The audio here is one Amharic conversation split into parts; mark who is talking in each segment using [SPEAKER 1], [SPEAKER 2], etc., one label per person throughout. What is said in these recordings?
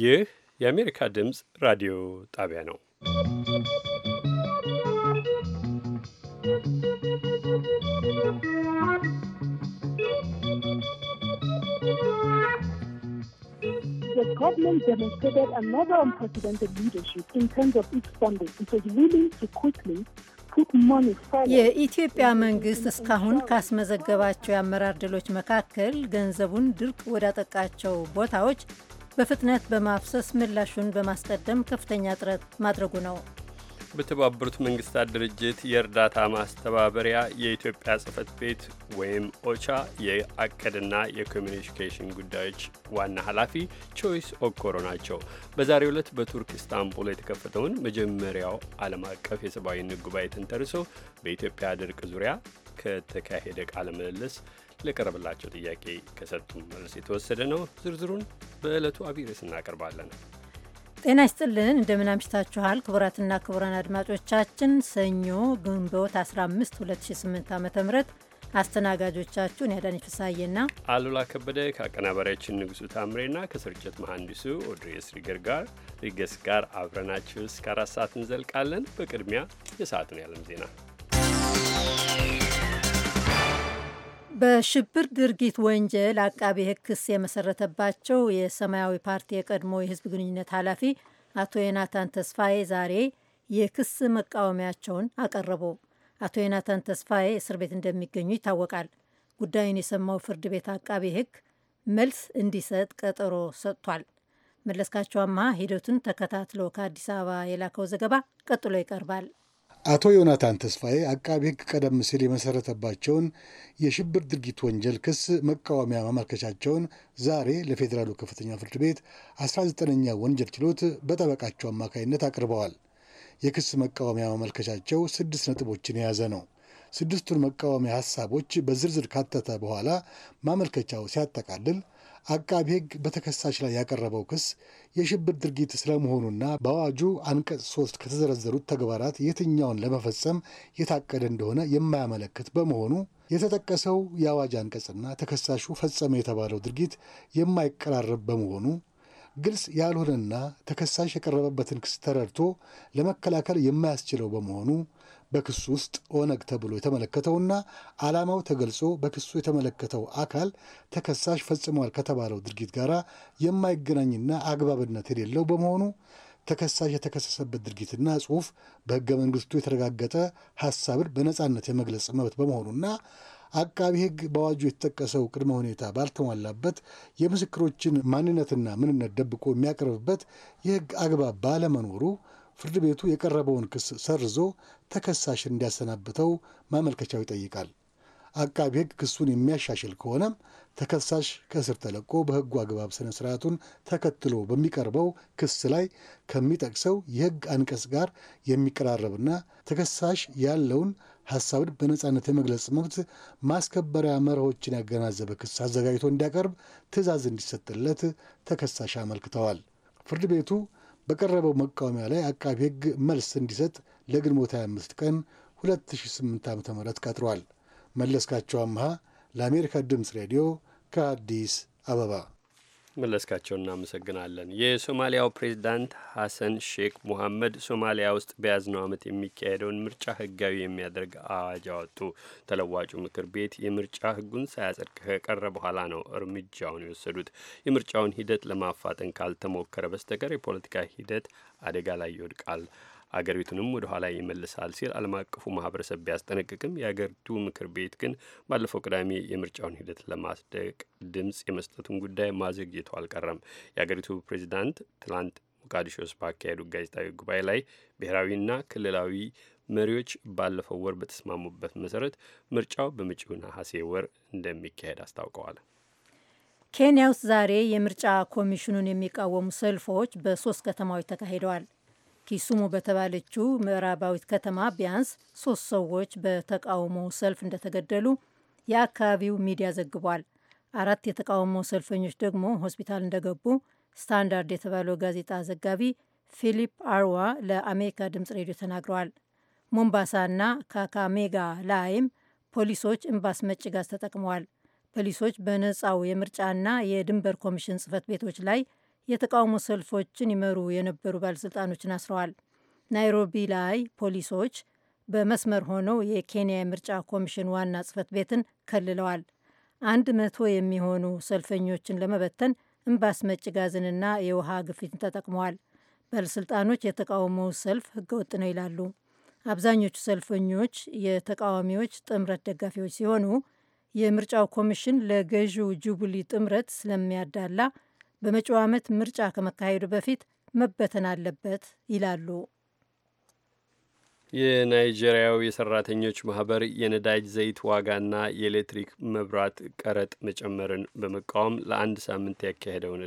[SPEAKER 1] ይህ የአሜሪካ ድምፅ ራዲዮ ጣቢያ ነው።
[SPEAKER 2] የኢትዮጵያ መንግስት እስካሁን ካስመዘገባቸው የአመራር ድሎች መካከል ገንዘቡን ድርቅ ወዳጠቃቸው ቦታዎች በፍጥነት በማፍሰስ ምላሹን በማስቀደም ከፍተኛ ጥረት ማድረጉ ነው።
[SPEAKER 1] በተባበሩት መንግስታት ድርጅት የእርዳታ ማስተባበሪያ የኢትዮጵያ ጽህፈት ቤት ወይም ኦቻ የአቀድና የኮሚኒኬሽን ጉዳዮች ዋና ኃላፊ ቾይስ ኦኮሮ ናቸው። በዛሬው ዕለት በቱርክ ኢስታንቡል የተከፈተውን መጀመሪያው ዓለም አቀፍ የሰብአዊነት ጉባኤ ተንተርሶ በኢትዮጵያ ድርቅ ዙሪያ ከተካሄደ ቃለ ምልልስ ለቀረበላቸው ጥያቄ ከሰጡን መልስ የተወሰደ ነው። ዝርዝሩን በዕለቱ አብይ እናቀርባለን።
[SPEAKER 2] ጤና ይስጥልን፣ እንደምን አምሽታችኋል ክቡራትና ክቡራን አድማጮቻችን ሰኞ ግንቦት 15 2008 ዓ ም አስተናጋጆቻችሁን ያዳነች ፍሳዬና
[SPEAKER 1] አሉላ ከበደ ከአቀናባሪያችን ንጉሱ ታምሬና ከስርጭት መሐንዲሱ ኦድሬስ ሪገር ጋር ሪገስ ጋር አብረናችሁ እስከ አራት ሰዓት እንዘልቃለን። በቅድሚያ የሰዓቱን ያለም ዜና
[SPEAKER 2] በሽብር ድርጊት ወንጀል አቃቢ ሕግ ክስ የመሰረተባቸው የሰማያዊ ፓርቲ የቀድሞ የህዝብ ግንኙነት ኃላፊ አቶ ዮናታን ተስፋዬ ዛሬ የክስ መቃወሚያቸውን አቀረቡ። አቶ ዮናታን ተስፋዬ እስር ቤት እንደሚገኙ ይታወቃል። ጉዳዩን የሰማው ፍርድ ቤት አቃቢ ሕግ መልስ እንዲሰጥ ቀጠሮ ሰጥቷል። መለስካቸው አምሃ ሂደቱን ተከታትሎ ከአዲስ አበባ የላከው ዘገባ ቀጥሎ ይቀርባል።
[SPEAKER 3] አቶ ዮናታን ተስፋዬ አቃቢ ሕግ ቀደም ሲል የመሠረተባቸውን የሽብር ድርጊት ወንጀል ክስ መቃወሚያ ማመልከቻቸውን ዛሬ ለፌዴራሉ ከፍተኛ ፍርድ ቤት 19ኛ ወንጀል ችሎት በጠበቃቸው አማካኝነት አቅርበዋል። የክስ መቃወሚያ ማመልከቻቸው ስድስት ነጥቦችን የያዘ ነው። ስድስቱን መቃወሚያ ሀሳቦች በዝርዝር ካተተ በኋላ ማመልከቻው ሲያጠቃልል አቃቢ ሕግ በተከሳሽ ላይ ያቀረበው ክስ የሽብር ድርጊት ስለመሆኑና በአዋጁ አንቀጽ ሶስት ከተዘረዘሩት ተግባራት የትኛውን ለመፈጸም የታቀደ እንደሆነ የማያመለክት በመሆኑ የተጠቀሰው የአዋጅ አንቀጽና ተከሳሹ ፈጸመ የተባለው ድርጊት የማይቀራረብ በመሆኑ ግልጽ ያልሆነና ተከሳሽ የቀረበበትን ክስ ተረድቶ ለመከላከል የማያስችለው በመሆኑ በክሱ ውስጥ ኦነግ ተብሎ የተመለከተውና ዓላማው ተገልጾ በክሱ የተመለከተው አካል ተከሳሽ ፈጽሟል ከተባለው ድርጊት ጋር የማይገናኝና አግባብነት የሌለው በመሆኑ ተከሳሽ የተከሰሰበት ድርጊትና ጽሑፍ በሕገ መንግሥቱ የተረጋገጠ ሐሳብን በነፃነት የመግለጽ መብት በመሆኑና አቃቢ ሕግ በአዋጁ የተጠቀሰው ቅድመ ሁኔታ ባልተሟላበት የምስክሮችን ማንነትና ምንነት ደብቆ የሚያቀርብበት የሕግ አግባብ ባለመኖሩ ፍርድ ቤቱ የቀረበውን ክስ ሰርዞ ተከሳሽን እንዲያሰናብተው ማመልከቻው ይጠይቃል። አቃቢ ሕግ ክሱን የሚያሻሽል ከሆነም ተከሳሽ ከእስር ተለቆ በሕጉ አግባብ ሥነ ሥርዓቱን ተከትሎ በሚቀርበው ክስ ላይ ከሚጠቅሰው የሕግ አንቀጽ ጋር የሚቀራረብና ተከሳሽ ያለውን ሐሳብን በነጻነት የመግለጽ መብት ማስከበሪያ መርሆችን ያገናዘበ ክስ አዘጋጅቶ እንዲያቀርብ ትዕዛዝ እንዲሰጥለት ተከሳሽ አመልክተዋል። ፍርድ ቤቱ በቀረበው መቃወሚያ ላይ አቃቢ ሕግ መልስ እንዲሰጥ ለግንቦት 25 ቀን 2008 ዓ ም ቀጥሯል። መለስካቸው አምሃ ለአሜሪካ ድምፅ ሬዲዮ ከአዲስ አበባ
[SPEAKER 1] መለስካቸው እናመሰግናለን። የሶማሊያው ፕሬዚዳንት ሐሰን ሼክ ሙሐመድ ሶማሊያ ውስጥ በያዝነው ዓመት የሚካሄደውን ምርጫ ህጋዊ የሚያደርግ አዋጅ አወጡ። ተለዋጩ ምክር ቤት የምርጫ ህጉን ሳያጸድቅ ከቀረ በኋላ ነው እርምጃውን የወሰዱት። የምርጫውን ሂደት ለማፋጠን ካልተሞከረ በስተቀር የፖለቲካ ሂደት አደጋ ላይ ይወድቃል። አገሪቱንም ወደ ኋላ ይመልሳል ሲል ዓለም አቀፉ ማህበረሰብ ቢያስጠነቅቅም የአገሪቱ ምክር ቤት ግን ባለፈው ቅዳሜ የምርጫውን ሂደት ለማስደቅ ድምፅ የመስጠቱን ጉዳይ ማዘግየቱ አልቀረም። የአገሪቱ ፕሬዚዳንት ትላንት ሞቃዲሾስ ባካሄዱ ጋዜጣዊ ጉባኤ ላይ ብሔራዊና ክልላዊ መሪዎች ባለፈው ወር በተስማሙበት መሰረት ምርጫው በመጪው ነሐሴ ወር እንደሚካሄድ አስታውቀዋል።
[SPEAKER 2] ኬንያ ውስጥ ዛሬ የምርጫ ኮሚሽኑን የሚቃወሙ ሰልፎች በሶስት ከተማዎች ተካሂደዋል። ኪሱሙ በተባለችው ምዕራባዊት ከተማ ቢያንስ ሶስት ሰዎች በተቃውሞ ሰልፍ እንደተገደሉ የአካባቢው ሚዲያ ዘግቧል። አራት የተቃውሞ ሰልፈኞች ደግሞ ሆስፒታል እንደገቡ ስታንዳርድ የተባለው ጋዜጣ ዘጋቢ ፊሊፕ አርዋ ለአሜሪካ ድምፅ ሬዲዮ ተናግረዋል። ሞምባሳና ካካሜጋ ላይም ፖሊሶች እምባስ መጭጋዝ ጋዝ ተጠቅመዋል። ፖሊሶች በነፃው የምርጫና የድንበር ኮሚሽን ጽህፈት ቤቶች ላይ የተቃውሞ ሰልፎችን ይመሩ የነበሩ ባለሥልጣኖችን አስረዋል። ናይሮቢ ላይ ፖሊሶች በመስመር ሆነው የኬንያ የምርጫ ኮሚሽን ዋና ጽህፈት ቤትን ከልለዋል። አንድ መቶ የሚሆኑ ሰልፈኞችን ለመበተን እምባ አስመጪ ጋዝንና የውሃ ግፊትን ተጠቅመዋል። ባለሥልጣኖች የተቃውሞው ሰልፍ ህገወጥ ነው ይላሉ። አብዛኞቹ ሰልፈኞች የተቃዋሚዎች ጥምረት ደጋፊዎች ሲሆኑ የምርጫው ኮሚሽን ለገዢው ጁብሊ ጥምረት ስለሚያዳላ በመጪው ዓመት ምርጫ ከመካሄዱ በፊት መበተን አለበት ይላሉ።
[SPEAKER 1] የናይጄሪያው የሰራተኞች ማህበር የነዳጅ ዘይት ዋጋና የኤሌክትሪክ መብራት ቀረጥ መጨመርን በመቃወም ለአንድ ሳምንት ያካሄደውን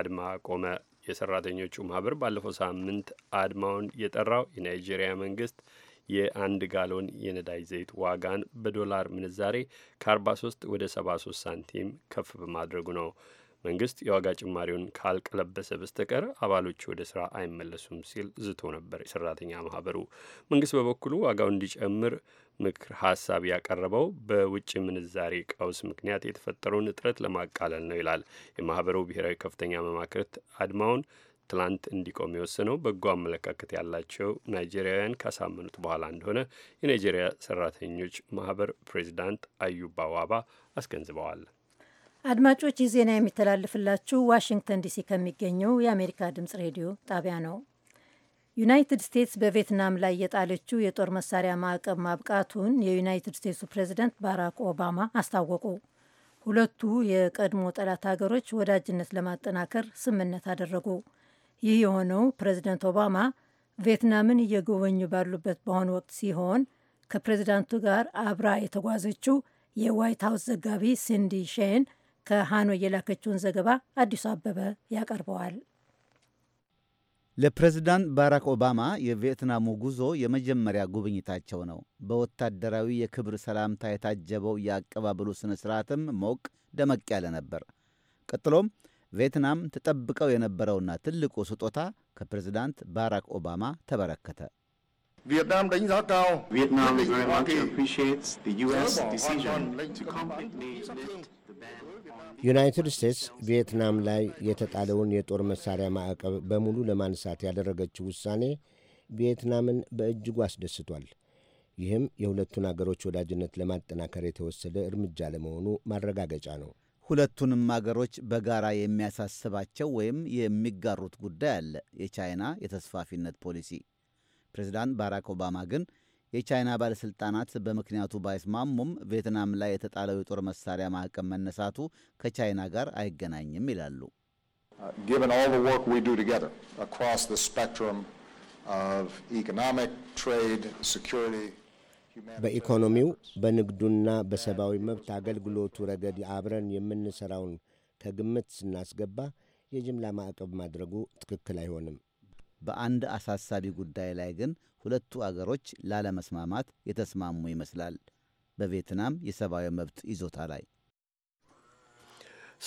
[SPEAKER 1] አድማ ቆመ። የሰራተኞቹ ማህበር ባለፈው ሳምንት አድማውን የጠራው የናይጄሪያ መንግስት የአንድ ጋሎን የነዳጅ ዘይት ዋጋን በዶላር ምንዛሬ ከ43 ወደ 73 ሳንቲም ከፍ በማድረጉ ነው። መንግስት የዋጋ ጭማሪውን ካልቀለበሰ በስተቀር አባሎች ወደ ስራ አይመለሱም ሲል ዝቶ ነበር የሰራተኛ ማህበሩ። መንግስት በበኩሉ ዋጋው እንዲጨምር ምክር ሀሳብ ያቀረበው በውጭ ምንዛሬ ቀውስ ምክንያት የተፈጠረውን እጥረት ለማቃለል ነው ይላል። የማህበሩ ብሔራዊ ከፍተኛ መማክርት አድማውን ትላንት እንዲቆም የወሰነው በጎ አመለካከት ያላቸው ናይጄሪያውያን ካሳመኑት በኋላ እንደሆነ የናይጄሪያ ሰራተኞች ማህበር ፕሬዚዳንት አዩባ ዋባ አስገንዝበዋል።
[SPEAKER 2] አድማጮች ይህ ዜና የሚተላለፍላችሁ ዋሽንግተን ዲሲ ከሚገኘው የአሜሪካ ድምጽ ሬዲዮ ጣቢያ ነው። ዩናይትድ ስቴትስ በቪየትናም ላይ የጣለችው የጦር መሳሪያ ማዕቀብ ማብቃቱን የዩናይትድ ስቴትሱ ፕሬዚደንት ባራክ ኦባማ አስታወቁ። ሁለቱ የቀድሞ ጠላት ሀገሮች ወዳጅነት ለማጠናከር ስምምነት አደረጉ። ይህ የሆነው ፕሬዚደንት ኦባማ ቪየትናምን እየጎበኙ ባሉበት በአሁኑ ወቅት ሲሆን ከፕሬዚዳንቱ ጋር አብራ የተጓዘችው የዋይት ሀውስ ዘጋቢ ሲንዲ ሼን ከሃኖይ የላከችውን ዘገባ አዲሱ አበበ ያቀርበዋል።
[SPEAKER 4] ለፕሬዝዳንት ባራክ ኦባማ የቪየትናሙ ጉዞ የመጀመሪያ ጉብኝታቸው ነው። በወታደራዊ የክብር ሰላምታ የታጀበው የአቀባበሉ ሥነ ሥርዓትም ሞቅ ደመቅ ያለ ነበር። ቀጥሎም ቪየትናም ተጠብቀው የነበረውና ትልቁ ስጦታ ከፕሬዝዳንት ባራክ ኦባማ ተበረከተ።
[SPEAKER 3] ቪየትናም
[SPEAKER 5] ዩናይትድ ስቴትስ ቪየትናም ላይ የተጣለውን የጦር መሳሪያ ማዕቀብ በሙሉ ለማንሳት ያደረገችው ውሳኔ ቪየትናምን በእጅጉ አስደስቷል። ይህም የሁለቱን አገሮች ወዳጅነት ለማጠናከር የተወሰደ እርምጃ ለመሆኑ ማረጋገጫ
[SPEAKER 4] ነው። ሁለቱንም አገሮች በጋራ የሚያሳስባቸው ወይም የሚጋሩት ጉዳይ አለ፤ የቻይና የተስፋፊነት ፖሊሲ። ፕሬዚዳንት ባራክ ኦባማ ግን የቻይና ባለሥልጣናት በምክንያቱ ባይስማሙም ቪየትናም ላይ የተጣለው የጦር መሳሪያ ማዕቀብ መነሳቱ ከቻይና ጋር አይገናኝም ይላሉ።
[SPEAKER 5] በኢኮኖሚው በንግዱና በሰብአዊ መብት አገልግሎቱ ረገድ አብረን የምንሠራውን ከግምት ስናስገባ የጅምላ ማዕቀብ ማድረጉ ትክክል አይሆንም። በአንድ አሳሳቢ ጉዳይ ላይ ግን ሁለቱ አገሮች ላለመስማማት
[SPEAKER 4] የተስማሙ ይመስላል። በቪየትናም የሰብአዊ መብት ይዞታ ላይ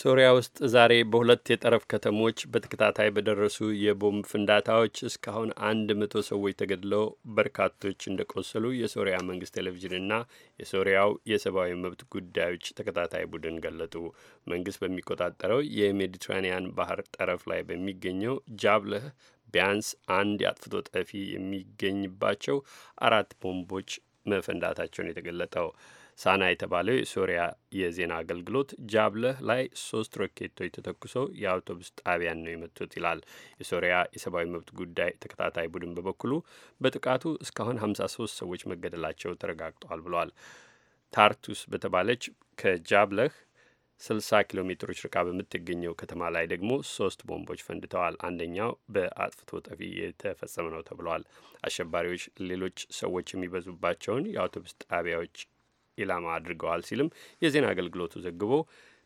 [SPEAKER 1] ሶሪያ ውስጥ ዛሬ በሁለት የጠረፍ ከተሞች በተከታታይ በደረሱ የቦምብ ፍንዳታዎች እስካሁን አንድ መቶ ሰዎች ተገድለው በርካቶች እንደቆሰሉ የሶሪያ መንግስት ቴሌቪዥንና የሶሪያው የሰብአዊ መብት ጉዳዮች ተከታታይ ቡድን ገለጡ። መንግስት በሚቆጣጠረው የሜዲትራኒያን ባህር ጠረፍ ላይ በሚገኘው ጃብለህ ቢያንስ አንድ የአጥፍቶ ጠፊ የሚገኝባቸው አራት ቦምቦች መፈንዳታቸውን የተገለጠው ሳና የተባለው የሶሪያ የዜና አገልግሎት ጃብለህ ላይ ሶስት ሮኬቶች ተተኩሰው የአውቶቡስ ጣቢያን ነው የመቱት ይላል። የሶሪያ የሰብአዊ መብት ጉዳይ ተከታታይ ቡድን በበኩሉ በጥቃቱ እስካሁን 53 ሰዎች መገደላቸው ተረጋግጧል ብሏል። ታርቱስ በተባለች ከጃብለህ 60 ኪሎ ሜትሮች ርቃ በምትገኘው ከተማ ላይ ደግሞ ሶስት ቦምቦች ፈንድተዋል። አንደኛው በአጥፍቶ ጠፊ የተፈጸመ ነው ተብሏል። አሸባሪዎች ሌሎች ሰዎች የሚበዙባቸውን የአውቶቡስ ጣቢያዎች ኢላማ አድርገዋል ሲልም የዜና አገልግሎቱ ዘግቦ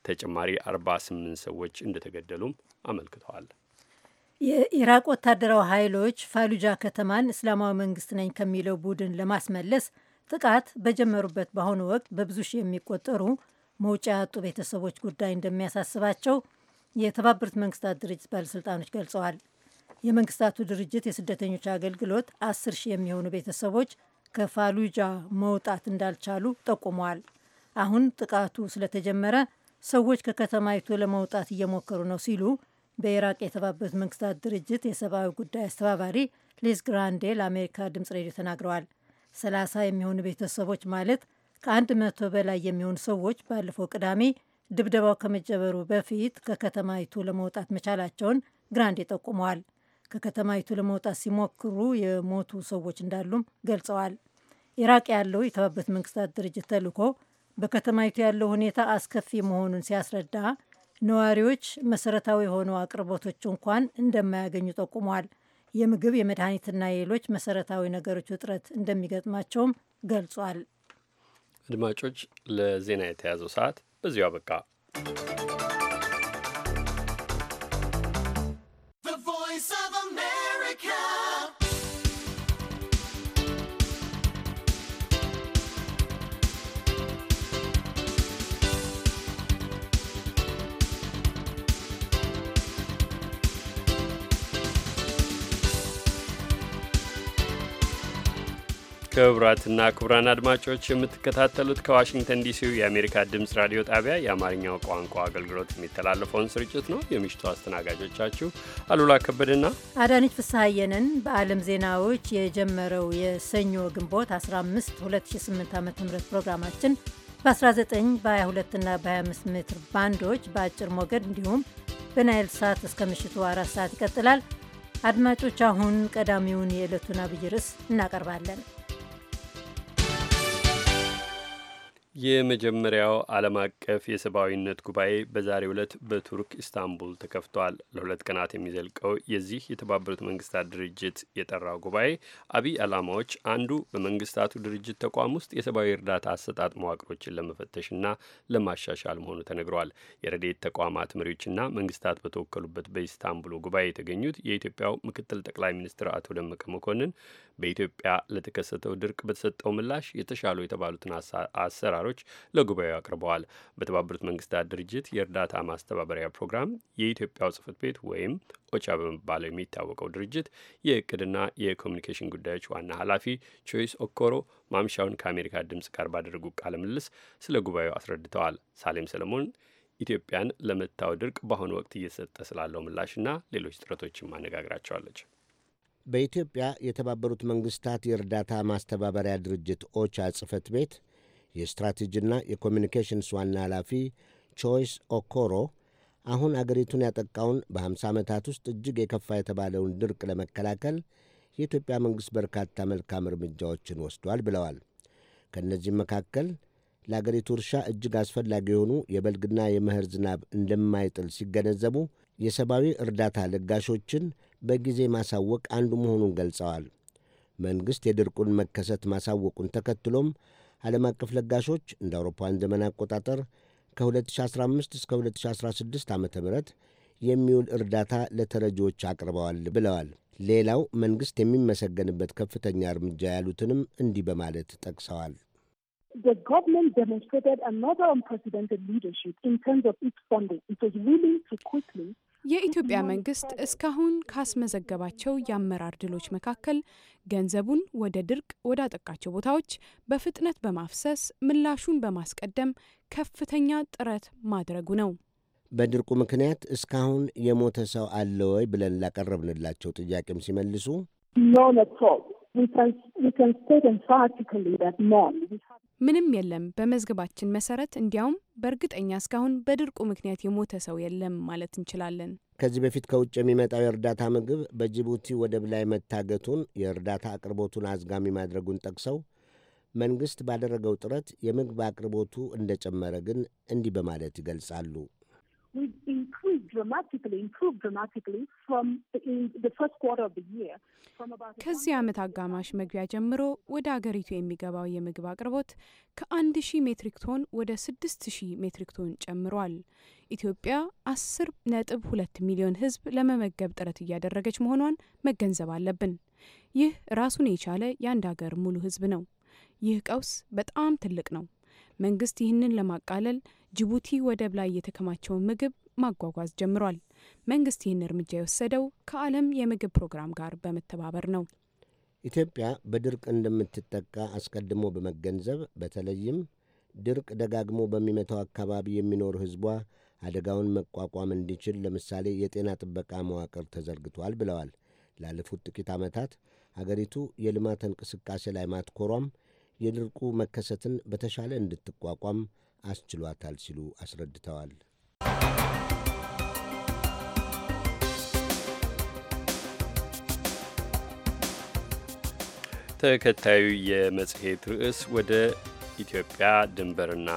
[SPEAKER 1] ተጨማሪ 48 ሰዎች እንደተገደሉም አመልክተዋል።
[SPEAKER 2] የኢራቅ ወታደራዊ ኃይሎች ፋሉጃ ከተማን እስላማዊ መንግስት ነኝ ከሚለው ቡድን ለማስመለስ ጥቃት በጀመሩበት በአሁኑ ወቅት በብዙ ሺህ የሚቆጠሩ መውጫ ያጡ ቤተሰቦች ጉዳይ እንደሚያሳስባቸው የተባበሩት መንግስታት ድርጅት ባለሥልጣኖች ገልጸዋል። የመንግስታቱ ድርጅት የስደተኞች አገልግሎት አስር ሺህ የሚሆኑ ቤተሰቦች ከፋሉጃ መውጣት እንዳልቻሉ ጠቁመዋል። አሁን ጥቃቱ ስለተጀመረ ሰዎች ከከተማይቱ ለመውጣት እየሞከሩ ነው ሲሉ በኢራቅ የተባበሩት መንግስታት ድርጅት የሰብአዊ ጉዳይ አስተባባሪ ሊዝ ግራንዴ ለአሜሪካ ድምጽ ሬዲዮ ተናግረዋል። ሰላሳ የሚሆኑ ቤተሰቦች ማለት ከአንድ መቶ በላይ የሚሆኑ ሰዎች ባለፈው ቅዳሜ ድብደባው ከመጀመሩ በፊት ከከተማይቱ ለመውጣት መቻላቸውን ግራንዴ ጠቁመዋል። ከከተማይቱ ለመውጣት ሲሞክሩ የሞቱ ሰዎች እንዳሉም ገልጸዋል። ኢራቅ ያለው የተባበሩት መንግስታት ድርጅት ተልኮ በከተማይቱ ያለው ሁኔታ አስከፊ መሆኑን ሲያስረዳ ነዋሪዎች መሰረታዊ የሆኑ አቅርቦቶች እንኳን እንደማያገኙ ጠቁመዋል። የምግብ የመድኃኒትና የሌሎች መሰረታዊ ነገሮች ውጥረት እንደሚገጥማቸውም ገልጿል።
[SPEAKER 1] አድማጮች፣ ለዜና የተያዘው ሰዓት በዚሁ አበቃ። ክቡራትና ክቡራን አድማጮች የምትከታተሉት ከዋሽንግተን ዲሲው የአሜሪካ ድምፅ ራዲዮ ጣቢያ የአማርኛው ቋንቋ አገልግሎት የሚተላለፈውን ስርጭት ነው። የምሽቱ አስተናጋጆቻችሁ አሉላ ከበድና
[SPEAKER 2] አዳነች ፍስሐየንን በዓለም ዜናዎች የጀመረው የሰኞ ግንቦት 15 2008 ዓ ም ፕሮግራማችን በ19 በ22ና በ25 ሜትር ባንዶች በአጭር ሞገድ እንዲሁም በናይል ሰዓት እስከ ምሽቱ አራት ሰዓት ይቀጥላል። አድማጮች አሁን ቀዳሚውን የዕለቱን አብይ ርዕስ እናቀርባለን።
[SPEAKER 1] የመጀመሪያው ዓለም አቀፍ የሰብአዊነት ጉባኤ በዛሬ ዕለት በቱርክ ኢስታንቡል ተከፍቷል። ለሁለት ቀናት የሚዘልቀው የዚህ የተባበሩት መንግስታት ድርጅት የጠራው ጉባኤ አብይ ዓላማዎች አንዱ በመንግስታቱ ድርጅት ተቋም ውስጥ የሰብአዊ እርዳታ አሰጣጥ መዋቅሮችን ለመፈተሽና ለማሻሻል መሆኑ ተነግረዋል። የረድኤት ተቋማት መሪዎችና መንግስታት በተወከሉበት በኢስታንቡሉ ጉባኤ የተገኙት የኢትዮጵያው ምክትል ጠቅላይ ሚኒስትር አቶ ደመቀ መኮንን በኢትዮጵያ ለተከሰተው ድርቅ በተሰጠው ምላሽ የተሻሉ የተባሉትን አሰራሮች ለጉባኤው አቅርበዋል። በተባበሩት መንግስታት ድርጅት የእርዳታ ማስተባበሪያ ፕሮግራም የኢትዮጵያው ጽህፈት ቤት ወይም ኦቻ በመባለው የሚታወቀው ድርጅት የእቅድና የኮሚኒኬሽን ጉዳዮች ዋና ኃላፊ ቾይስ ኦኮሮ ማምሻውን ከአሜሪካ ድምፅ ጋር ባደረጉ ቃለ ምልልስ ስለ ጉባኤው አስረድተዋል። ሳሌም ሰለሞን ኢትዮጵያን ለመታው ድርቅ በአሁኑ ወቅት እየሰጠ ስላለው ምላሽና ሌሎች ጥረቶችም አነጋግራቸዋለች።
[SPEAKER 5] በኢትዮጵያ የተባበሩት መንግሥታት የእርዳታ ማስተባበሪያ ድርጅት ኦቻ ጽሕፈት ቤት የስትራቴጂና የኮሚኒኬሽንስ ዋና ኃላፊ ቾይስ ኦኮሮ አሁን አገሪቱን ያጠቃውን በ50 ዓመታት ውስጥ እጅግ የከፋ የተባለውን ድርቅ ለመከላከል የኢትዮጵያ መንግሥት በርካታ መልካም እርምጃዎችን ወስዷል ብለዋል። ከእነዚህም መካከል ለአገሪቱ እርሻ እጅግ አስፈላጊ የሆኑ የበልግና የመኸር ዝናብ እንደማይጥል ሲገነዘቡ የሰብአዊ እርዳታ ለጋሾችን በጊዜ ማሳወቅ አንዱ መሆኑን ገልጸዋል። መንግሥት የድርቁን መከሰት ማሳወቁን ተከትሎም ዓለም አቀፍ ለጋሾች እንደ አውሮፓውያን ዘመን አቆጣጠር ከ2015 እስከ 2016 ዓ ም የሚውል እርዳታ ለተረጂዎች አቅርበዋል ብለዋል። ሌላው መንግሥት የሚመሰገንበት ከፍተኛ እርምጃ ያሉትንም እንዲህ በማለት ጠቅሰዋል።
[SPEAKER 6] የኢትዮጵያ መንግስት እስካሁን ካስመዘገባቸው የአመራር ድሎች መካከል ገንዘቡን ወደ ድርቅ ወዳጠቃቸው ቦታዎች በፍጥነት በማፍሰስ ምላሹን በማስቀደም ከፍተኛ ጥረት ማድረጉ ነው።
[SPEAKER 5] በድርቁ ምክንያት እስካሁን የሞተ ሰው አለ ወይ ብለን ላቀረብንላቸው ጥያቄም ሲመልሱ
[SPEAKER 6] ምንም የለም በመዝገባችን መሰረት እንዲያውም በእርግጠኛ እስካሁን በድርቁ ምክንያት የሞተ ሰው የለም ማለት እንችላለን።
[SPEAKER 5] ከዚህ በፊት ከውጭ የሚመጣው የእርዳታ ምግብ በጅቡቲ ወደብ ላይ መታገቱን የእርዳታ አቅርቦቱን አዝጋሚ ማድረጉን ጠቅሰው መንግሥት ባደረገው ጥረት የምግብ አቅርቦቱ እንደጨመረ ግን እንዲህ በማለት ይገልጻሉ።
[SPEAKER 6] we've increased dramatically, improved dramatically from in the first quarter of the year. ከዚህ ዓመት አጋማሽ መግቢያ ጀምሮ ወደ አገሪቱ የሚገባው የምግብ አቅርቦት ከአንድ ሺህ ሜትሪክ ቶን ወደ ስድስት ሺህ ሜትሪክ ቶን ጨምሯል። ኢትዮጵያ አስር ነጥብ ሁለት ሚሊዮን ሕዝብ ለመመገብ ጥረት እያደረገች መሆኗን መገንዘብ አለብን። ይህ ራሱን የቻለ የአንድ ሀገር ሙሉ ሕዝብ ነው። ይህ ቀውስ በጣም ትልቅ ነው። መንግስት ይህንን ለማቃለል ጅቡቲ ወደብ ላይ የተከማቸውን ምግብ ማጓጓዝ ጀምሯል። መንግስት ይህን እርምጃ የወሰደው ከዓለም የምግብ ፕሮግራም ጋር በመተባበር ነው።
[SPEAKER 5] ኢትዮጵያ በድርቅ እንደምትጠቃ አስቀድሞ በመገንዘብ በተለይም ድርቅ ደጋግሞ በሚመታው አካባቢ የሚኖር ሕዝቧ አደጋውን መቋቋም እንዲችል ለምሳሌ የጤና ጥበቃ መዋቅር ተዘርግቷል ብለዋል። ላለፉት ጥቂት ዓመታት አገሪቱ የልማት እንቅስቃሴ ላይ ማትኮሯም የድርቁ መከሰትን በተሻለ እንድትቋቋም አስችሏታል ሲሉ አስረድተዋል።
[SPEAKER 1] ተከታዩ የመጽሔት ርዕስ ወደ ኢትዮጵያ ድንበርና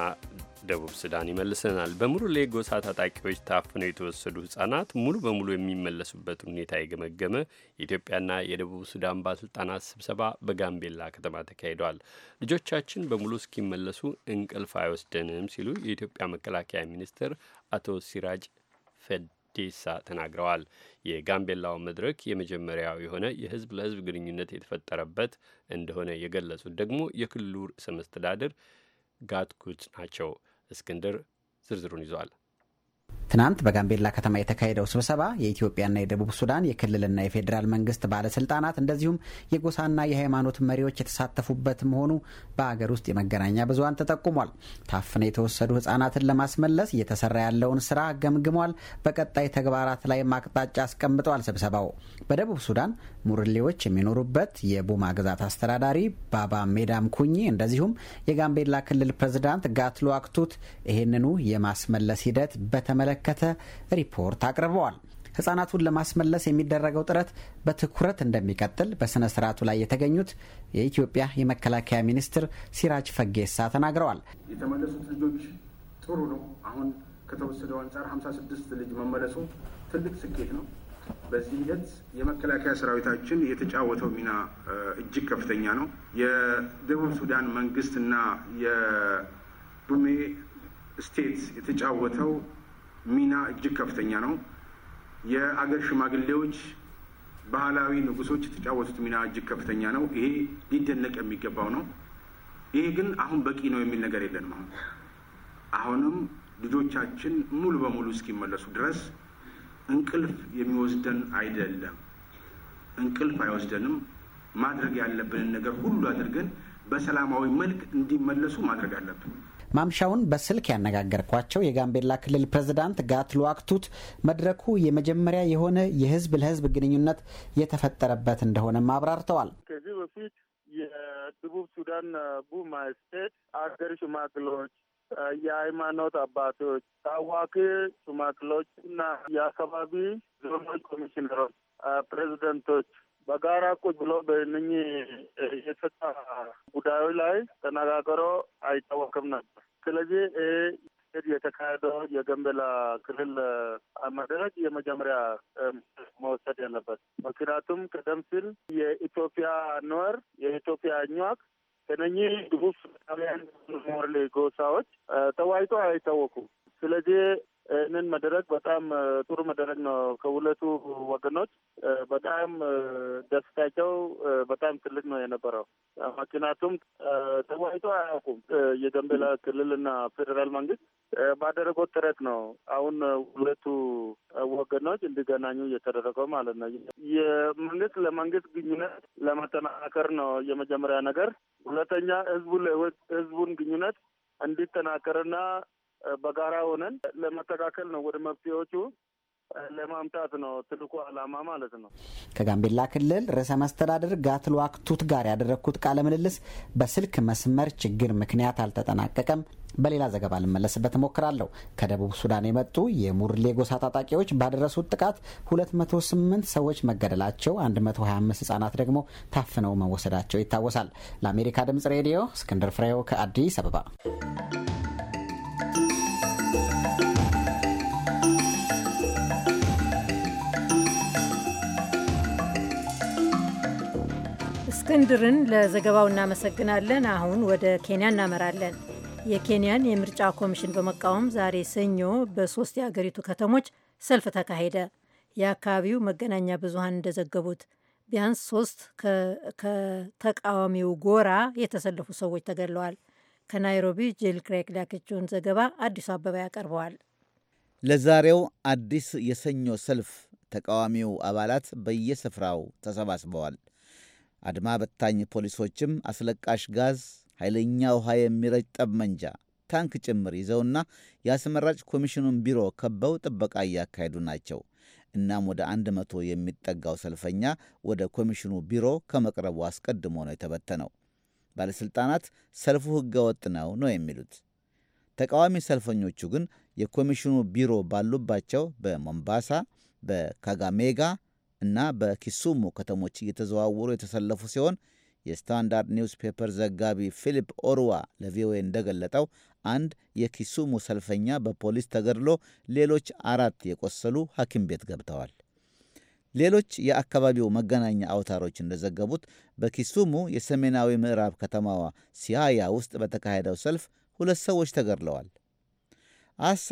[SPEAKER 1] ደቡብ ሱዳን ይመልሰናል። በሙርሌ ጎሳ ታጣቂዎች ታፍነው የተወሰዱ ህጻናት ሙሉ በሙሉ የሚመለሱበትን ሁኔታ የገመገመ የኢትዮጵያና የደቡብ ሱዳን ባለስልጣናት ስብሰባ በጋምቤላ ከተማ ተካሂደዋል። ልጆቻችን በሙሉ እስኪመለሱ እንቅልፍ አይወስደንም ሲሉ የኢትዮጵያ መከላከያ ሚኒስትር አቶ ሲራጅ ፈድ ዴሳ ተናግረዋል። የጋምቤላው መድረክ የመጀመሪያው የሆነ የህዝብ ለህዝብ ግንኙነት የተፈጠረበት እንደሆነ የገለጹት ደግሞ የክልሉ ርዕሰ መስተዳድር ጋትኩት ናቸው። እስክንድር ዝርዝሩን ይዟል።
[SPEAKER 7] ትናንት በጋምቤላ ከተማ የተካሄደው ስብሰባ የኢትዮጵያና የደቡብ ሱዳን የክልልና የፌዴራል መንግስት ባለስልጣናት እንደዚሁም የጎሳና የሃይማኖት መሪዎች የተሳተፉበት መሆኑ በአገር ውስጥ የመገናኛ ብዙሀን ተጠቁሟል። ታፍነ የተወሰዱ ህጻናትን ለማስመለስ እየተሰራ ያለውን ስራ ገምግሟል። በቀጣይ ተግባራት ላይ አቅጣጫ አስቀምጠዋል። ስብሰባው በደቡብ ሱዳን ሙርሌዎች የሚኖሩበት የቡማ ግዛት አስተዳዳሪ ባባ ሜዳም ኩኝ እንደዚሁም የጋምቤላ ክልል ፕሬዝዳንት ጋትሎ አክቱት ይህንኑ የማስመለስ ሂደት በተመለከ በተመለከተ ሪፖርት አቅርበዋል። ህጻናቱን ለማስመለስ የሚደረገው ጥረት በትኩረት እንደሚቀጥል በሥነ ሥርዓቱ ላይ የተገኙት የኢትዮጵያ የመከላከያ ሚኒስትር ሲራጅ ፈጌሳ ተናግረዋል።
[SPEAKER 8] የተመለሱት ልጆች ጥሩ ነው። አሁን ከተወሰደው አንጻር 56 ልጅ መመለሱ ትልቅ ስኬት ነው። በዚህ ሂደት የመከላከያ ሰራዊታችን የተጫወተው ሚና እጅግ ከፍተኛ ነው። የደቡብ ሱዳን መንግስት እና የዱሜ ስቴት የተጫወተው ሚና እጅግ ከፍተኛ ነው። የአገር ሽማግሌዎች፣ ባህላዊ ንጉሶች የተጫወቱት ሚና እጅግ ከፍተኛ ነው። ይሄ ሊደነቅ የሚገባው ነው። ይሄ ግን አሁን በቂ ነው የሚል ነገር የለንም። አሁን አሁንም ልጆቻችን ሙሉ በሙሉ እስኪመለሱ ድረስ እንቅልፍ የሚወስደን አይደለም። እንቅልፍ አይወስደንም። ማድረግ ያለብንን ነገር ሁሉ አድርገን በሰላማዊ መልክ እንዲመለሱ ማድረግ አለብን።
[SPEAKER 7] ማምሻውን በስልክ ያነጋገርኳቸው የጋምቤላ ክልል ፕሬዝዳንት ጋት ሉዋክቱት መድረኩ የመጀመሪያ የሆነ የህዝብ ለህዝብ ግንኙነት የተፈጠረበት እንደሆነም አብራርተዋል።
[SPEAKER 9] ከዚህ በፊት የደቡብ ሱዳን ቡማ ስቴት አገር ሽማክሎች፣ የሃይማኖት አባቶች፣ ታዋቂ ሽማክሎች እና የአካባቢ ዞኖች ኮሚሽነሮች፣ ፕሬዝደንቶች በጋራ ቁጭ ብሎ በእነኚህ የጸጥታ ጉዳዮች ላይ ተነጋግሮ አይታወቅም ነበር። ስለዚህ ይህ የተካሄደው ክልል መድረክ የመጀመሪያ መወሰድ ያለበት ምክንያቱም ቀደም ሲል የኢትዮጵያ ኖር የኢትዮጵያ ኟክ ከነኚህ ግቡፍ ጣሊያን ሞርሌ ጎሳዎች ተዋይቶ አይታወቁም። ስለዚህ ይህንን መደረግ በጣም ጥሩ መደረግ ነው። ከሁለቱ ወገኖች በጣም ደስታቸው በጣም ትልቅ ነው የነበረው። ምክንያቱም ተወያይቶ አያውቁም። የጋምቤላ ክልልና ፌዴራል መንግስት ባደረገው ጥረት ነው አሁን ሁለቱ ወገኖች እንዲገናኙ እየተደረገው ማለት ነው። የመንግስት ለመንግስት ግንኙነት ለመጠናከር ነው የመጀመሪያ ነገር። ሁለተኛ ህዝቡ ለህዝቡን ግንኙነት እንዲጠናከርና በጋራ ሆነን ለመተካከል ነው ወደ መፍትሄዎቹ ለማምጣት ነው ትልቁ ዓላማ ማለት ነው።
[SPEAKER 7] ከጋምቤላ ክልል ርዕሰ መስተዳድር ጋትሉዋክ ቱት ጋር ያደረግኩት ቃለ ምልልስ በስልክ መስመር ችግር ምክንያት አልተጠናቀቀም። በሌላ ዘገባ ልመለስበት እሞክራለሁ። ከደቡብ ሱዳን የመጡ የሙርሌ ጎሳ ታጣቂዎች ባደረሱት ጥቃት 208 ሰዎች መገደላቸው፣ 125 ህጻናት ደግሞ ታፍነው መወሰዳቸው ይታወሳል። ለአሜሪካ ድምጽ ሬዲዮ እስክንድር ፍሬው ከአዲስ አበባ
[SPEAKER 2] እስክንድርን ለዘገባው እናመሰግናለን። አሁን ወደ ኬንያ እናመራለን። የኬንያን የምርጫ ኮሚሽን በመቃወም ዛሬ ሰኞ በሶስት የአገሪቱ ከተሞች ሰልፍ ተካሄደ። የአካባቢው መገናኛ ብዙሃን እንደዘገቡት ቢያንስ ሶስት ከተቃዋሚው ጎራ የተሰለፉ ሰዎች ተገድለዋል። ከናይሮቢ ጅል ክሬክ ላከችውን ዘገባ አዲሱ አበባ ያቀርበዋል።
[SPEAKER 4] ለዛሬው አዲስ የሰኞ ሰልፍ ተቃዋሚው አባላት በየስፍራው ተሰባስበዋል። አድማ በታኝ ፖሊሶችም አስለቃሽ ጋዝ፣ ኃይለኛ ውሃ የሚረጭ ጠመንጃ፣ ታንክ ጭምር ይዘውና የአስመራጭ ኮሚሽኑን ቢሮ ከበው ጥበቃ እያካሄዱ ናቸው። እናም ወደ አንድ መቶ የሚጠጋው ሰልፈኛ ወደ ኮሚሽኑ ቢሮ ከመቅረቡ አስቀድሞ ነው የተበተነው። ባለሥልጣናት ሰልፉ ወጥ ነው ነው የሚሉት። ተቃዋሚ ሰልፈኞቹ ግን የኮሚሽኑ ቢሮ ባሉባቸው በሞምባሳ፣ በካጋሜጋ እና በኪሱሙ ከተሞች እየተዘዋወሩ የተሰለፉ ሲሆን የስታንዳርድ ኒውስ ፔፐር ዘጋቢ ፊሊፕ ኦርዋ ለቪኦኤ እንደገለጠው አንድ የኪሱሙ ሰልፈኛ በፖሊስ ተገድሎ ሌሎች አራት የቆሰሉ ሐኪም ቤት ገብተዋል። ሌሎች የአካባቢው መገናኛ አውታሮች እንደዘገቡት በኪሱሙ የሰሜናዊ ምዕራብ ከተማዋ ሲያያ ውስጥ በተካሄደው ሰልፍ ሁለት ሰዎች ተገድለዋል። አሳ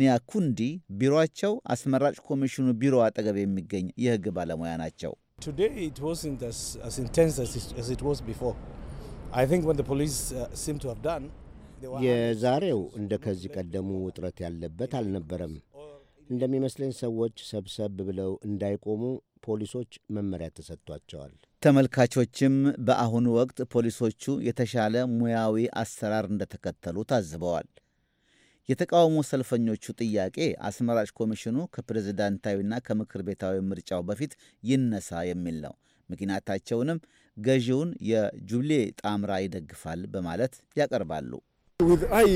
[SPEAKER 4] ኒያኩንዲ ቢሮአቸው አስመራጭ ኮሚሽኑ ቢሮ አጠገብ የሚገኝ የህግ ባለሙያ ናቸው። uh,
[SPEAKER 5] የዛሬው እንደ ከዚህ ቀደሙ ውጥረት ያለበት አልነበረም። እንደሚመስለኝ ሰዎች ሰብሰብ ብለው እንዳይቆሙ ፖሊሶች መመሪያ ተሰጥቷቸዋል።
[SPEAKER 4] ተመልካቾችም በአሁኑ ወቅት ፖሊሶቹ የተሻለ ሙያዊ አሰራር እንደተከተሉ ታዝበዋል። የተቃውሞ ሰልፈኞቹ ጥያቄ አስመራጭ ኮሚሽኑ ከፕሬዝዳንታዊና ከምክር ቤታዊ ምርጫው በፊት ይነሳ የሚል ነው። ምክንያታቸውንም ገዢውን የጁብሌ ጣምራ ይደግፋል
[SPEAKER 5] በማለት ያቀርባሉ።
[SPEAKER 3] e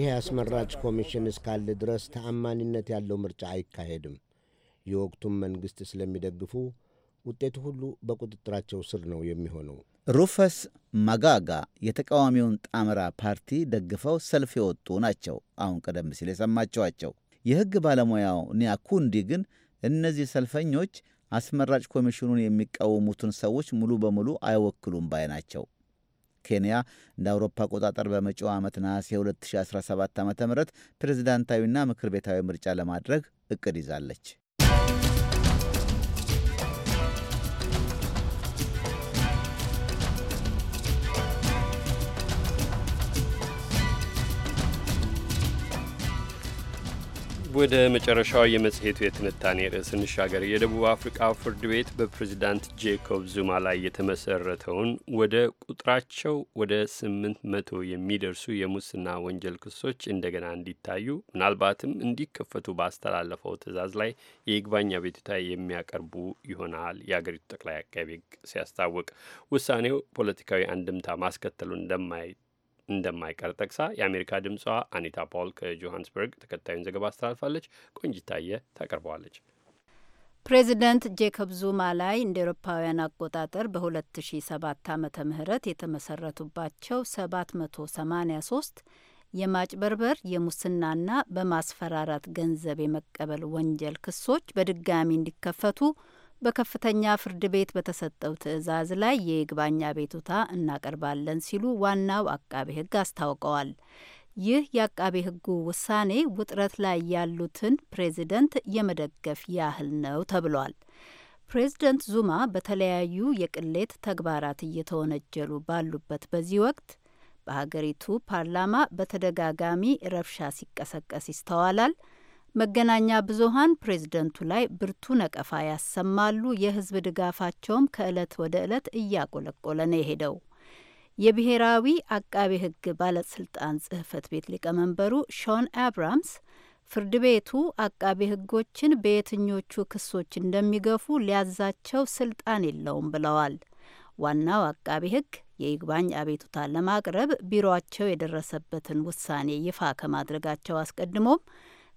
[SPEAKER 3] ይህ አስመራጭ ኮሚሽን
[SPEAKER 5] እስካለ ድረስ ተአማኒነት ያለው ምርጫ አይካሄድም። የወቅቱም መንግሥት ስለሚደግፉ ውጤቱ ሁሉ በቁጥጥራቸው ስር ነው የሚሆነው።
[SPEAKER 4] ሩፈስ ማጋጋ የተቃዋሚውን ጣምራ ፓርቲ ደግፈው ሰልፍ የወጡ ናቸው። አሁን ቀደም ሲል የሰማችኋቸው። የሕግ ባለሙያው ኒያኩንዲ ግን እነዚህ ሰልፈኞች አስመራጭ ኮሚሽኑን የሚቃወሙትን ሰዎች ሙሉ በሙሉ አይወክሉም ባይ ናቸው። ኬንያ እንደ አውሮፓ አቆጣጠር በመጪው ዓመት ነሐሴ 2017 ዓ ም ፕሬዚዳንታዊና ምክር ቤታዊ ምርጫ ለማድረግ እቅድ ይዛለች።
[SPEAKER 1] ወደ መጨረሻው የመጽሔቱ የትንታኔ ርዕስ እንሻገር። የደቡብ አፍሪቃ ፍርድ ቤት በፕሬዚዳንት ጄኮብ ዙማ ላይ የተመሰረተውን ወደ ቁጥራቸው ወደ ስምንት መቶ የሚደርሱ የሙስና ወንጀል ክሶች እንደገና እንዲታዩ ምናልባትም እንዲከፈቱ ባስተላለፈው ትዕዛዝ ላይ የይግባኝ አቤቱታ የሚያቀርቡ ይሆናል የአገሪቱ ጠቅላይ አቃቤ ሕግ ሲያስታውቅ ውሳኔው ፖለቲካዊ አንድምታ ማስከተሉ እንደማይ እንደማይቀር ጠቅሳ የአሜሪካ ድምጿ አኒታ ፓውል ከጆሃንስበርግ ተከታዩን ዘገባ አስተላልፋለች። ቆንጅታየ ታቀርበዋለች።
[SPEAKER 10] ፕሬዚደንት ጄኮብ ዙማ ላይ እንደ ኤሮፓውያን አቆጣጠር በ2007 ዓ ም የተመሰረቱባቸው 783 የማጭበርበር የሙስናና በማስፈራራት ገንዘብ የመቀበል ወንጀል ክሶች በድጋሚ እንዲከፈቱ በከፍተኛ ፍርድ ቤት በተሰጠው ትዕዛዝ ላይ የይግባኝ አቤቱታ እናቀርባለን ሲሉ ዋናው አቃቤ ሕግ አስታውቀዋል። ይህ የአቃቤ ሕጉ ውሳኔ ውጥረት ላይ ያሉትን ፕሬዚደንት የመደገፍ ያህል ነው ተብሏል። ፕሬዚደንት ዙማ በተለያዩ የቅሌት ተግባራት እየተወነጀሉ ባሉበት በዚህ ወቅት በሀገሪቱ ፓርላማ በተደጋጋሚ ረብሻ ሲቀሰቀስ ይስተዋላል። መገናኛ ብዙሃን ፕሬዝደንቱ ላይ ብርቱ ነቀፋ ያሰማሉ። የህዝብ ድጋፋቸውም ከእለት ወደ እለት እያቆለቆለ ነው የሄደው። የብሔራዊ አቃቤ ሕግ ባለስልጣን ጽህፈት ቤት ሊቀመንበሩ ሾን አብራምስ ፍርድ ቤቱ አቃቤ ሕጎችን በየትኞቹ ክሶች እንደሚገፉ ሊያዛቸው ስልጣን የለውም ብለዋል። ዋናው አቃቤ ሕግ የይግባኝ አቤቱታን ለማቅረብ ቢሮቸው የደረሰበትን ውሳኔ ይፋ ከማድረጋቸው አስቀድሞም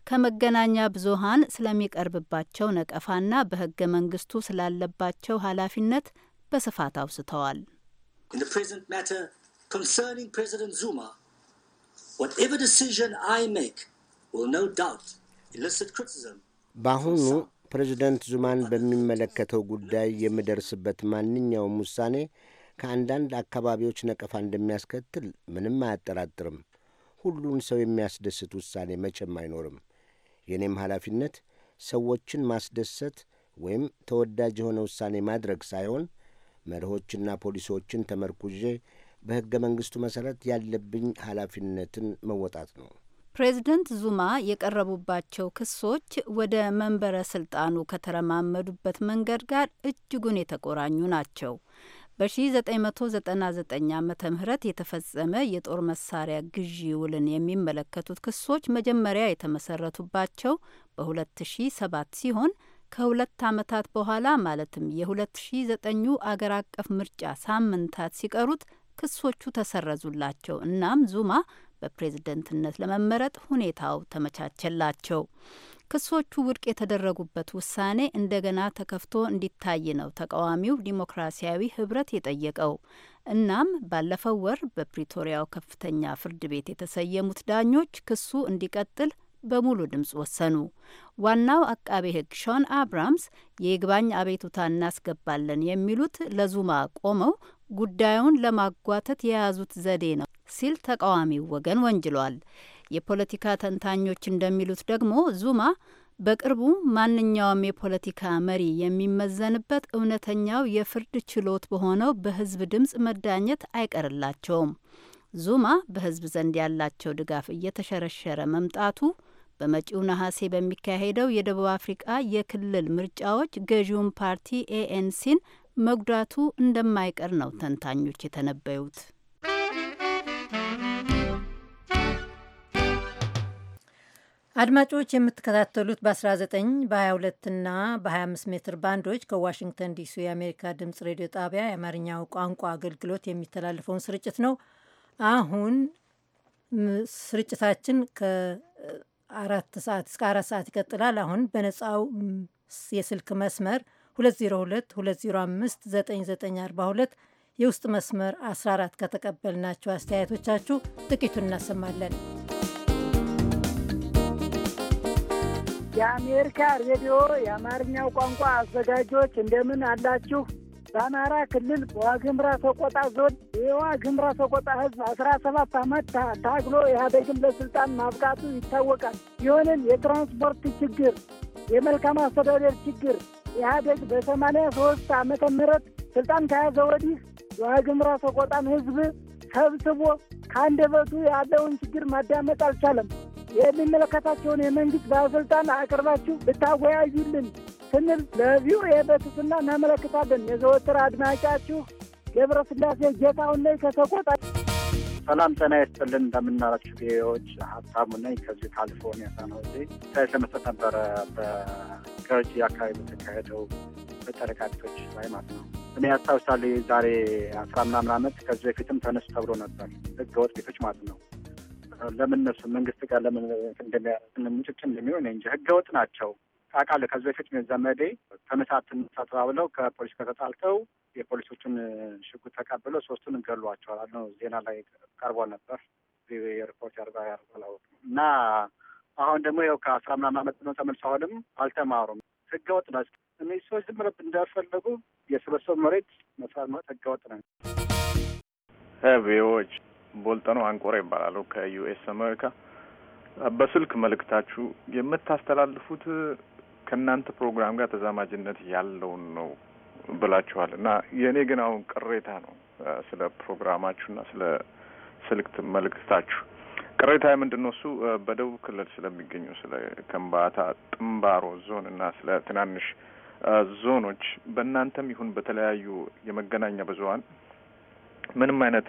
[SPEAKER 10] ከመገናኛ ብዙሃን ስለሚቀርብባቸው ነቀፋና በህገ መንግስቱ ስላለባቸው ኃላፊነት በስፋት አውስተዋል።
[SPEAKER 5] በአሁኑ ፕሬዚደንት ዙማን በሚመለከተው ጉዳይ የምደርስበት ማንኛውም ውሳኔ ከአንዳንድ አካባቢዎች ነቀፋ እንደሚያስከትል ምንም አያጠራጥርም። ሁሉን ሰው የሚያስደስት ውሳኔ መቼም አይኖርም። የእኔም ኃላፊነት ሰዎችን ማስደሰት ወይም ተወዳጅ የሆነ ውሳኔ ማድረግ ሳይሆን መርሆችና ፖሊሲዎችን ተመርኩዤ በሕገ መንግሥቱ መሠረት ያለብኝ ኃላፊነትን መወጣት ነው።
[SPEAKER 10] ፕሬዝደንት ዙማ የቀረቡባቸው ክሶች ወደ መንበረ ስልጣኑ ከተረማመዱበት መንገድ ጋር እጅጉን የተቆራኙ ናቸው። በ1999 ዓ ም የተፈጸመ የጦር መሳሪያ ግዢ ውልን የሚመለከቱት ክሶች መጀመሪያ የተመሰረቱባቸው በ2007 ሲሆን ከሁለት ዓመታት በኋላ ማለትም የ2009ኙ አገር አቀፍ ምርጫ ሳምንታት ሲቀሩት ክሶቹ ተሰረዙላቸው። እናም ዙማ በፕሬዝደንትነት ለመመረጥ ሁኔታው ተመቻቸላቸው። ክሶቹ ውድቅ የተደረጉበት ውሳኔ እንደገና ተከፍቶ እንዲታይ ነው ተቃዋሚው ዲሞክራሲያዊ ህብረት የጠየቀው። እናም ባለፈው ወር በፕሪቶሪያው ከፍተኛ ፍርድ ቤት የተሰየሙት ዳኞች ክሱ እንዲቀጥል በሙሉ ድምፅ ወሰኑ። ዋናው አቃቤ ሕግ ሾን አብራምስ የይግባኝ አቤቱታ እናስገባለን የሚሉት ለዙማ ቆመው ጉዳዩን ለማጓተት የያዙት ዘዴ ነው ሲል ተቃዋሚው ወገን ወንጅሏል። የፖለቲካ ተንታኞች እንደሚሉት ደግሞ ዙማ በቅርቡ ማንኛውም የፖለቲካ መሪ የሚመዘንበት እውነተኛው የፍርድ ችሎት በሆነው በህዝብ ድምፅ መዳኘት አይቀርላቸውም። ዙማ በህዝብ ዘንድ ያላቸው ድጋፍ እየተሸረሸረ መምጣቱ በመጪው ነሐሴ በሚካሄደው የደቡብ አፍሪቃ የክልል ምርጫዎች ገዢውን ፓርቲ ኤኤንሲን መጉዳቱ እንደማይቀር ነው ተንታኞች የተነበዩት።
[SPEAKER 2] አድማጮች የምትከታተሉት በ19 በ22 እና በ25 ሜትር ባንዶች ከዋሽንግተን ዲሲ የአሜሪካ ድምፅ ሬዲዮ ጣቢያ የአማርኛው ቋንቋ አገልግሎት የሚተላለፈውን ስርጭት ነው። አሁን ስርጭታችን ከአራት ሰዓት እስከ አራት ሰዓት ይቀጥላል። አሁን በነፃው የስልክ መስመር 2022059942 የውስጥ መስመር 14 ከተቀበልናቸው አስተያየቶቻችሁ ጥቂቱን እናሰማለን።
[SPEAKER 9] የአሜሪካ ሬዲዮ የአማርኛው ቋንቋ አዘጋጆች እንደምን አላችሁ? በአማራ ክልል በዋግምራ ሰቆጣ ዞን የዋግምራ ሰቆጣ ህዝብ አስራ ሰባት አመት ታግሎ ኢህአዴግን ለስልጣን ማብቃቱ ይታወቃል። ቢሆንም የትራንስፖርት ችግር፣ የመልካም አስተዳደር ችግር ኢህአዴግ በሰማንያ ሶስት ዓመተ ምህረት ስልጣን ከያዘ ወዲህ የዋግምራ ሰቆጣን ህዝብ ሰብስቦ ከአንደበቱ ያለውን ችግር ማዳመጥ አልቻለም። የሚመለከታቸውን የመንግስት ባለስልጣን አቅርባችሁ ብታወያዩልን ስንል ለዚሁ የበትስና እናመለክታለን። የዘወትር አድማጫችሁ ገብረስላሴ ጌታሁን ላይ ከተቆጣ ሰላም ጤና ይስጥልን። እንደምናላችሁ ቪዎች ሀብታሙ ነኝ ከዚህ ካሊፎርኒያ ሳን ሆዜ ሳይ ነበረ በገርጂ አካባቢ በተካሄደው በጨረቃ ላይ ማለት ነው። እኔ ያስታውሳል ዛሬ አስራ ምናምን ዓመት ከዚህ በፊትም ተነሱ ተብሎ ነበር ህገ ወጥ ቤቶች ማለት ነው ለምነሱ መንግስት ጋር ለምን እንደሚያጭ እንደሚሆን እንጂ ህገወጥ ናቸው አቃለ ከዚህ በፊት ዘመዴ ተመሳትን ተባብለው ከፖሊስ ጋር ተጣልተው የፖሊሶቹን ሽጉጥ ተቀብለው ሶስቱን ገሏቸዋል ነው ዜና ላይ ቀርቦ ነበር። የሪፖርት ያርጋ ያርላው እና አሁን ደግሞ ይኸው ከአስራ ምናምን አመት ነው ተመልሶ አሁንም አልተማሩም። ህገወጥ ናቸው እኔ ሰዎች ዝም ብለው እንደፈለጉ የሰበሰቡ መሬት መስራት ህገወጥ ነው።
[SPEAKER 11] ቪዎች ቦልጠኖ አንቆረ ይባላሉ ከዩኤስ አሜሪካ። በስልክ መልእክታችሁ የምታስተላልፉት ከእናንተ ፕሮግራም ጋር ተዛማጅነት ያለውን ነው ብላችኋል እና የእኔ ግን አሁን ቅሬታ ነው ስለ ፕሮግራማችሁና ስለ ስልክት መልእክታችሁ ቅሬታ የምንድን ነው? እሱ በደቡብ ክልል ስለሚገኙ ስለ ከምባታ ጥምባሮ ዞን እና ስለ ትናንሽ ዞኖች በእናንተም ይሁን በተለያዩ የመገናኛ ብዙኃን ምንም አይነት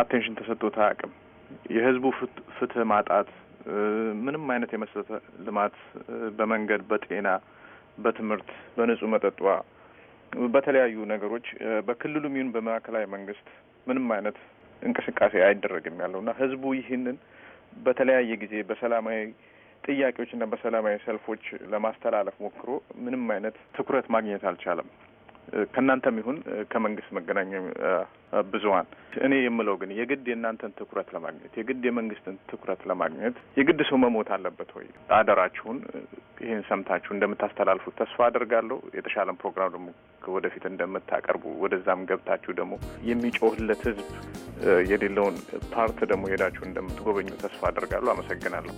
[SPEAKER 11] አቴንሽን ተሰጥቶት አያውቅም። የህዝቡ ፍትህ ማጣት፣ ምንም አይነት የመሰረተ ልማት በመንገድ፣ በጤና፣ በትምህርት፣ በንጹህ መጠጧ፣ በተለያዩ ነገሮች በክልሉም ይሁን በማዕከላዊ መንግስት ምንም አይነት እንቅስቃሴ አይደረግም እና ህዝቡ ይህንን በተለያየ ጊዜ በሰላማዊ ጥያቄዎችና በሰላማዊ ሰልፎች ለማስተላለፍ ሞክሮ ምንም አይነት ትኩረት ማግኘት አልቻለም። ከእናንተም ይሁን ከመንግስት መገናኛ ብዙኃን እኔ የምለው ግን የግድ የእናንተን ትኩረት ለማግኘት የግድ የመንግስትን ትኩረት ለማግኘት የግድ ሰው መሞት አለበት ወይ? አደራችሁን ይህን ሰምታችሁ እንደምታስተላልፉት ተስፋ አድርጋለሁ። የተሻለን ፕሮግራም ደግሞ ወደፊት እንደምታቀርቡ ወደዛም ገብታችሁ ደግሞ የሚጮህለት ህዝብ የሌለውን ፓርት ደግሞ ሄዳችሁ እንደምትጎበኙ ተስፋ አድርጋለሁ። አመሰግናለሁ።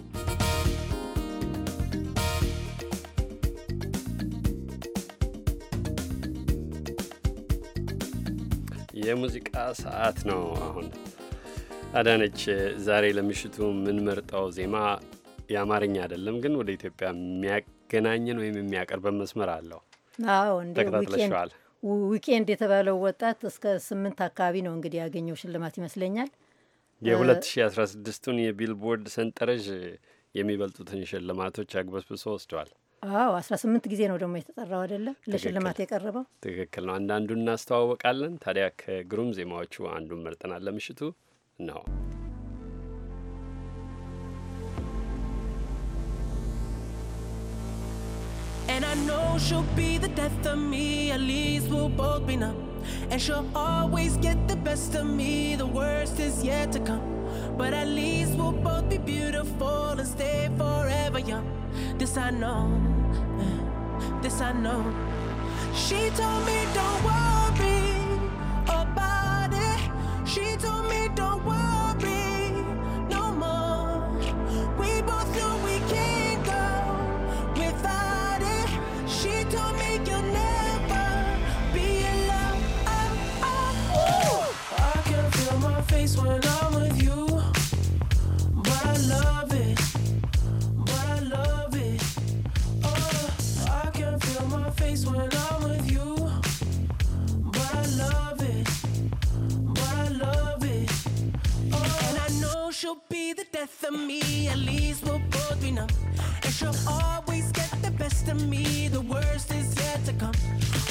[SPEAKER 1] የሙዚቃ ሰዓት ነው። አሁን አዳነች፣ ዛሬ ለምሽቱ የምንመርጠው ዜማ የአማርኛ አይደለም፣ ግን ወደ ኢትዮጵያ የሚያገናኘን ወይም የሚያቀርበን መስመር አለው።
[SPEAKER 2] አዎ ዊኬንድ የተባለው ወጣት እስከ ስምንት አካባቢ ነው እንግዲህ ያገኘው ሽልማት ይመስለኛል።
[SPEAKER 1] የ2016ቱን የቢልቦርድ ሰንጠረዥ የሚበልጡትን ሽልማቶች አግበስብሶ ወስደዋል።
[SPEAKER 2] አዎ አስራ ስምንት ጊዜ ነው ደግሞ የተጠራው አይደለም ለሽልማት የቀረበው።
[SPEAKER 1] ትክክል ነው። አንዳንዱን እናስተዋወቃለን። ታዲያ ከግሩም ዜማዎቹ አንዱን መርጠናል ለምሽቱ ነው።
[SPEAKER 12] And I know she'll be the death of me, at least we'll both be numb. And she'll always get the best of me, the worst is yet to come. But at least we'll both be beautiful and stay forever young. This I know, this I know. She told me don't worry about it. She told me don't worry. death of me, at least we'll both be numb. And she'll always get the best of me, the worst is yet to come.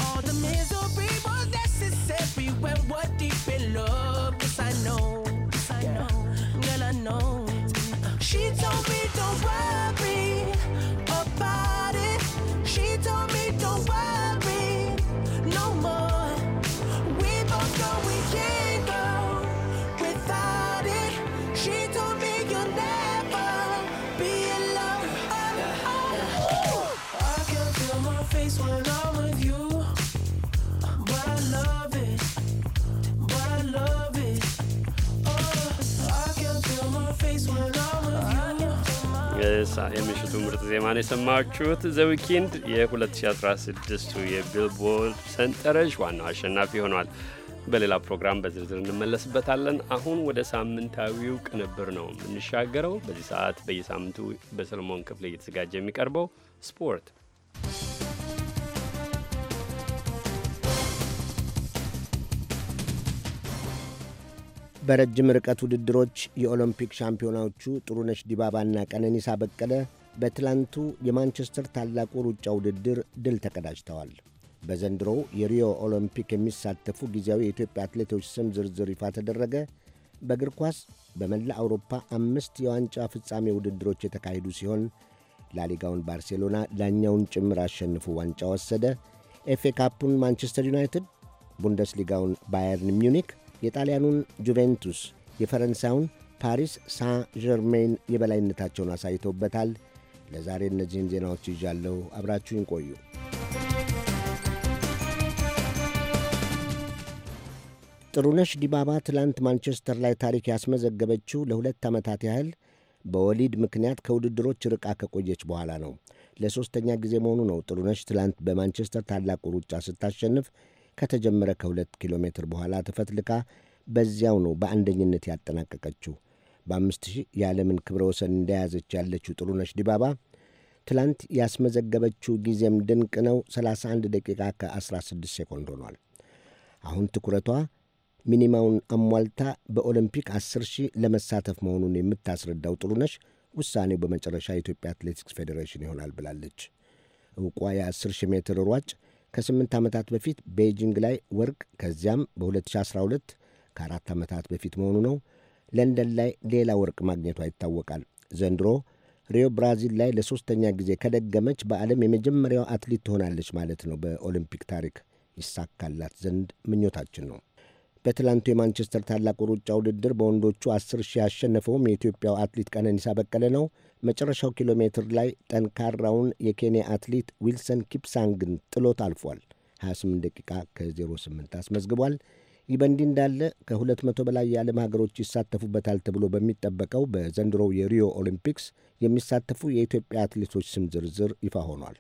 [SPEAKER 12] All the misery was necessary when we're deep in love. Yes, I know, yes, I yeah. know, girl, I know. She told me, don't worry about it. She told me.
[SPEAKER 1] የምሽቱ ምርጥ ዜማ ነው የሰማችሁት። ዘዊኪንድ የ2016 የቢልቦርድ ሰንጠረዥ ዋናው አሸናፊ ሆኗል። በሌላ ፕሮግራም በዝርዝር እንመለስበታለን። አሁን ወደ ሳምንታዊው ቅንብር ነው የምንሻገረው። በዚህ ሰዓት በየሳምንቱ በሰለሞን ክፍል እየተዘጋጀ የሚቀርበው ስፖርት
[SPEAKER 5] በረጅም ርቀት ውድድሮች የኦሎምፒክ ሻምፒዮናዎቹ ጥሩነሽ ዲባባና ቀነኒሳ በቀለ በትላንቱ የማንቸስተር ታላቁ ሩጫ ውድድር ድል ተቀዳጅተዋል። በዘንድሮው የሪዮ ኦሎምፒክ የሚሳተፉ ጊዜያዊ የኢትዮጵያ አትሌቶች ስም ዝርዝር ይፋ ተደረገ። በእግር ኳስ በመላ አውሮፓ አምስት የዋንጫ ፍጻሜ ውድድሮች የተካሄዱ ሲሆን ላሊጋውን ባርሴሎና ዳኛውን ጭምር አሸንፎ ዋንጫ ወሰደ። ኤፌ ካፑን ማንቸስተር ዩናይትድ፣ ቡንደስሊጋውን ባየርን ሚዩኒክ የጣሊያኑን ጁቬንቱስ፣ የፈረንሳዩን ፓሪስ ሳን ዠርሜን የበላይነታቸውን አሳይተውበታል። ለዛሬ እነዚህን ዜናዎች ይዣለሁ። አብራችሁን ቆዩ። ጥሩነሽ ዲባባ ትላንት ማንቸስተር ላይ ታሪክ ያስመዘገበችው ለሁለት ዓመታት ያህል በወሊድ ምክንያት ከውድድሮች ርቃ ከቆየች በኋላ ነው። ለሦስተኛ ጊዜ መሆኑ ነው ጥሩነሽ ትላንት በማንቸስተር ታላቁ ሩጫ ስታሸንፍ ከተጀመረ ከሁለት ኪሎ ሜትር በኋላ ተፈትልካ በዚያው ነው በአንደኝነት ያጠናቀቀችው። በአምስት ሺህ የዓለምን ክብረ ወሰን እንደያዘች ያለችው ጥሩነሽ ዲባባ ትላንት ያስመዘገበችው ጊዜም ድንቅ ነው። 31 ደቂቃ ከ16 ሴኮንድ ሆኗል። አሁን ትኩረቷ ሚኒማውን አሟልታ በኦሎምፒክ 10 ሺህ ለመሳተፍ መሆኑን የምታስረዳው ጥሩነሽ ውሳኔው በመጨረሻ የኢትዮጵያ አትሌቲክስ ፌዴሬሽን ይሆናል ብላለች። ዕውቋ የ10 ሺህ ሜትር ሯጭ ከስምንት ዓመታት በፊት ቤጂንግ ላይ ወርቅ፣ ከዚያም በ2012 ከአራት ዓመታት በፊት መሆኑ ነው ለንደን ላይ ሌላ ወርቅ ማግኘቷ ይታወቃል። ዘንድሮ ሪዮ ብራዚል ላይ ለሦስተኛ ጊዜ ከደገመች በዓለም የመጀመሪያው አትሌት ትሆናለች ማለት ነው። በኦሊምፒክ ታሪክ ይሳካላት ዘንድ ምኞታችን ነው። በትላንቱ የማንቸስተር ታላቁ ሩጫ ውድድር በወንዶቹ 10 ሺህ ያሸነፈውም የኢትዮጵያው አትሌት ቀነኒሳ በቀለ ነው። መጨረሻው ኪሎ ሜትር ላይ ጠንካራውን የኬንያ አትሌት ዊልሰን ኪፕሳንግን ጥሎት አልፏል። 28 ደቂቃ ከ08 አስመዝግቧል። ይህ በእንዲህ እንዳለ ከ200 በላይ የዓለም ሀገሮች ይሳተፉበታል ተብሎ በሚጠበቀው በዘንድሮው የሪዮ ኦሊምፒክስ የሚሳተፉ የኢትዮጵያ አትሌቶች ስም ዝርዝር ይፋ ሆኗል።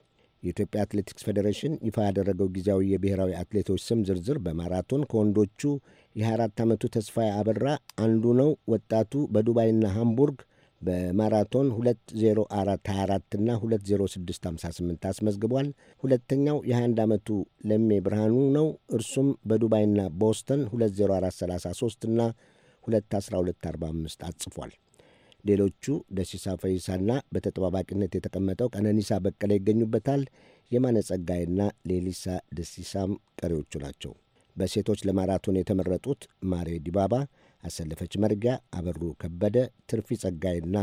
[SPEAKER 5] የኢትዮጵያ አትሌቲክስ ፌዴሬሽን ይፋ ያደረገው ጊዜያዊ የብሔራዊ አትሌቶች ስም ዝርዝር በማራቶን ከወንዶቹ የ24 ዓመቱ ተስፋዬ አበራ አንዱ ነው። ወጣቱ በዱባይና ሃምቡርግ በማራቶን 20424 እና 20658 አስመዝግቧል። ሁለተኛው የ21 ዓመቱ ለሜ ብርሃኑ ነው። እርሱም በዱባይና ቦስተን 20433 እና 21245 አጽፏል። ሌሎቹ ደሲሳ ፈይሳና በተጠባባቂነት የተቀመጠው ቀነኒሳ በቀለ ይገኙበታል። የማነ ጸጋይና ሌሊሳ ደሲሳም ቀሪዎቹ ናቸው። በሴቶች ለማራቶን የተመረጡት ማሬ ዲባባ አሰለፈች መርጊያ፣ አበሩ ከበደ፣ ትርፊ ጸጋይና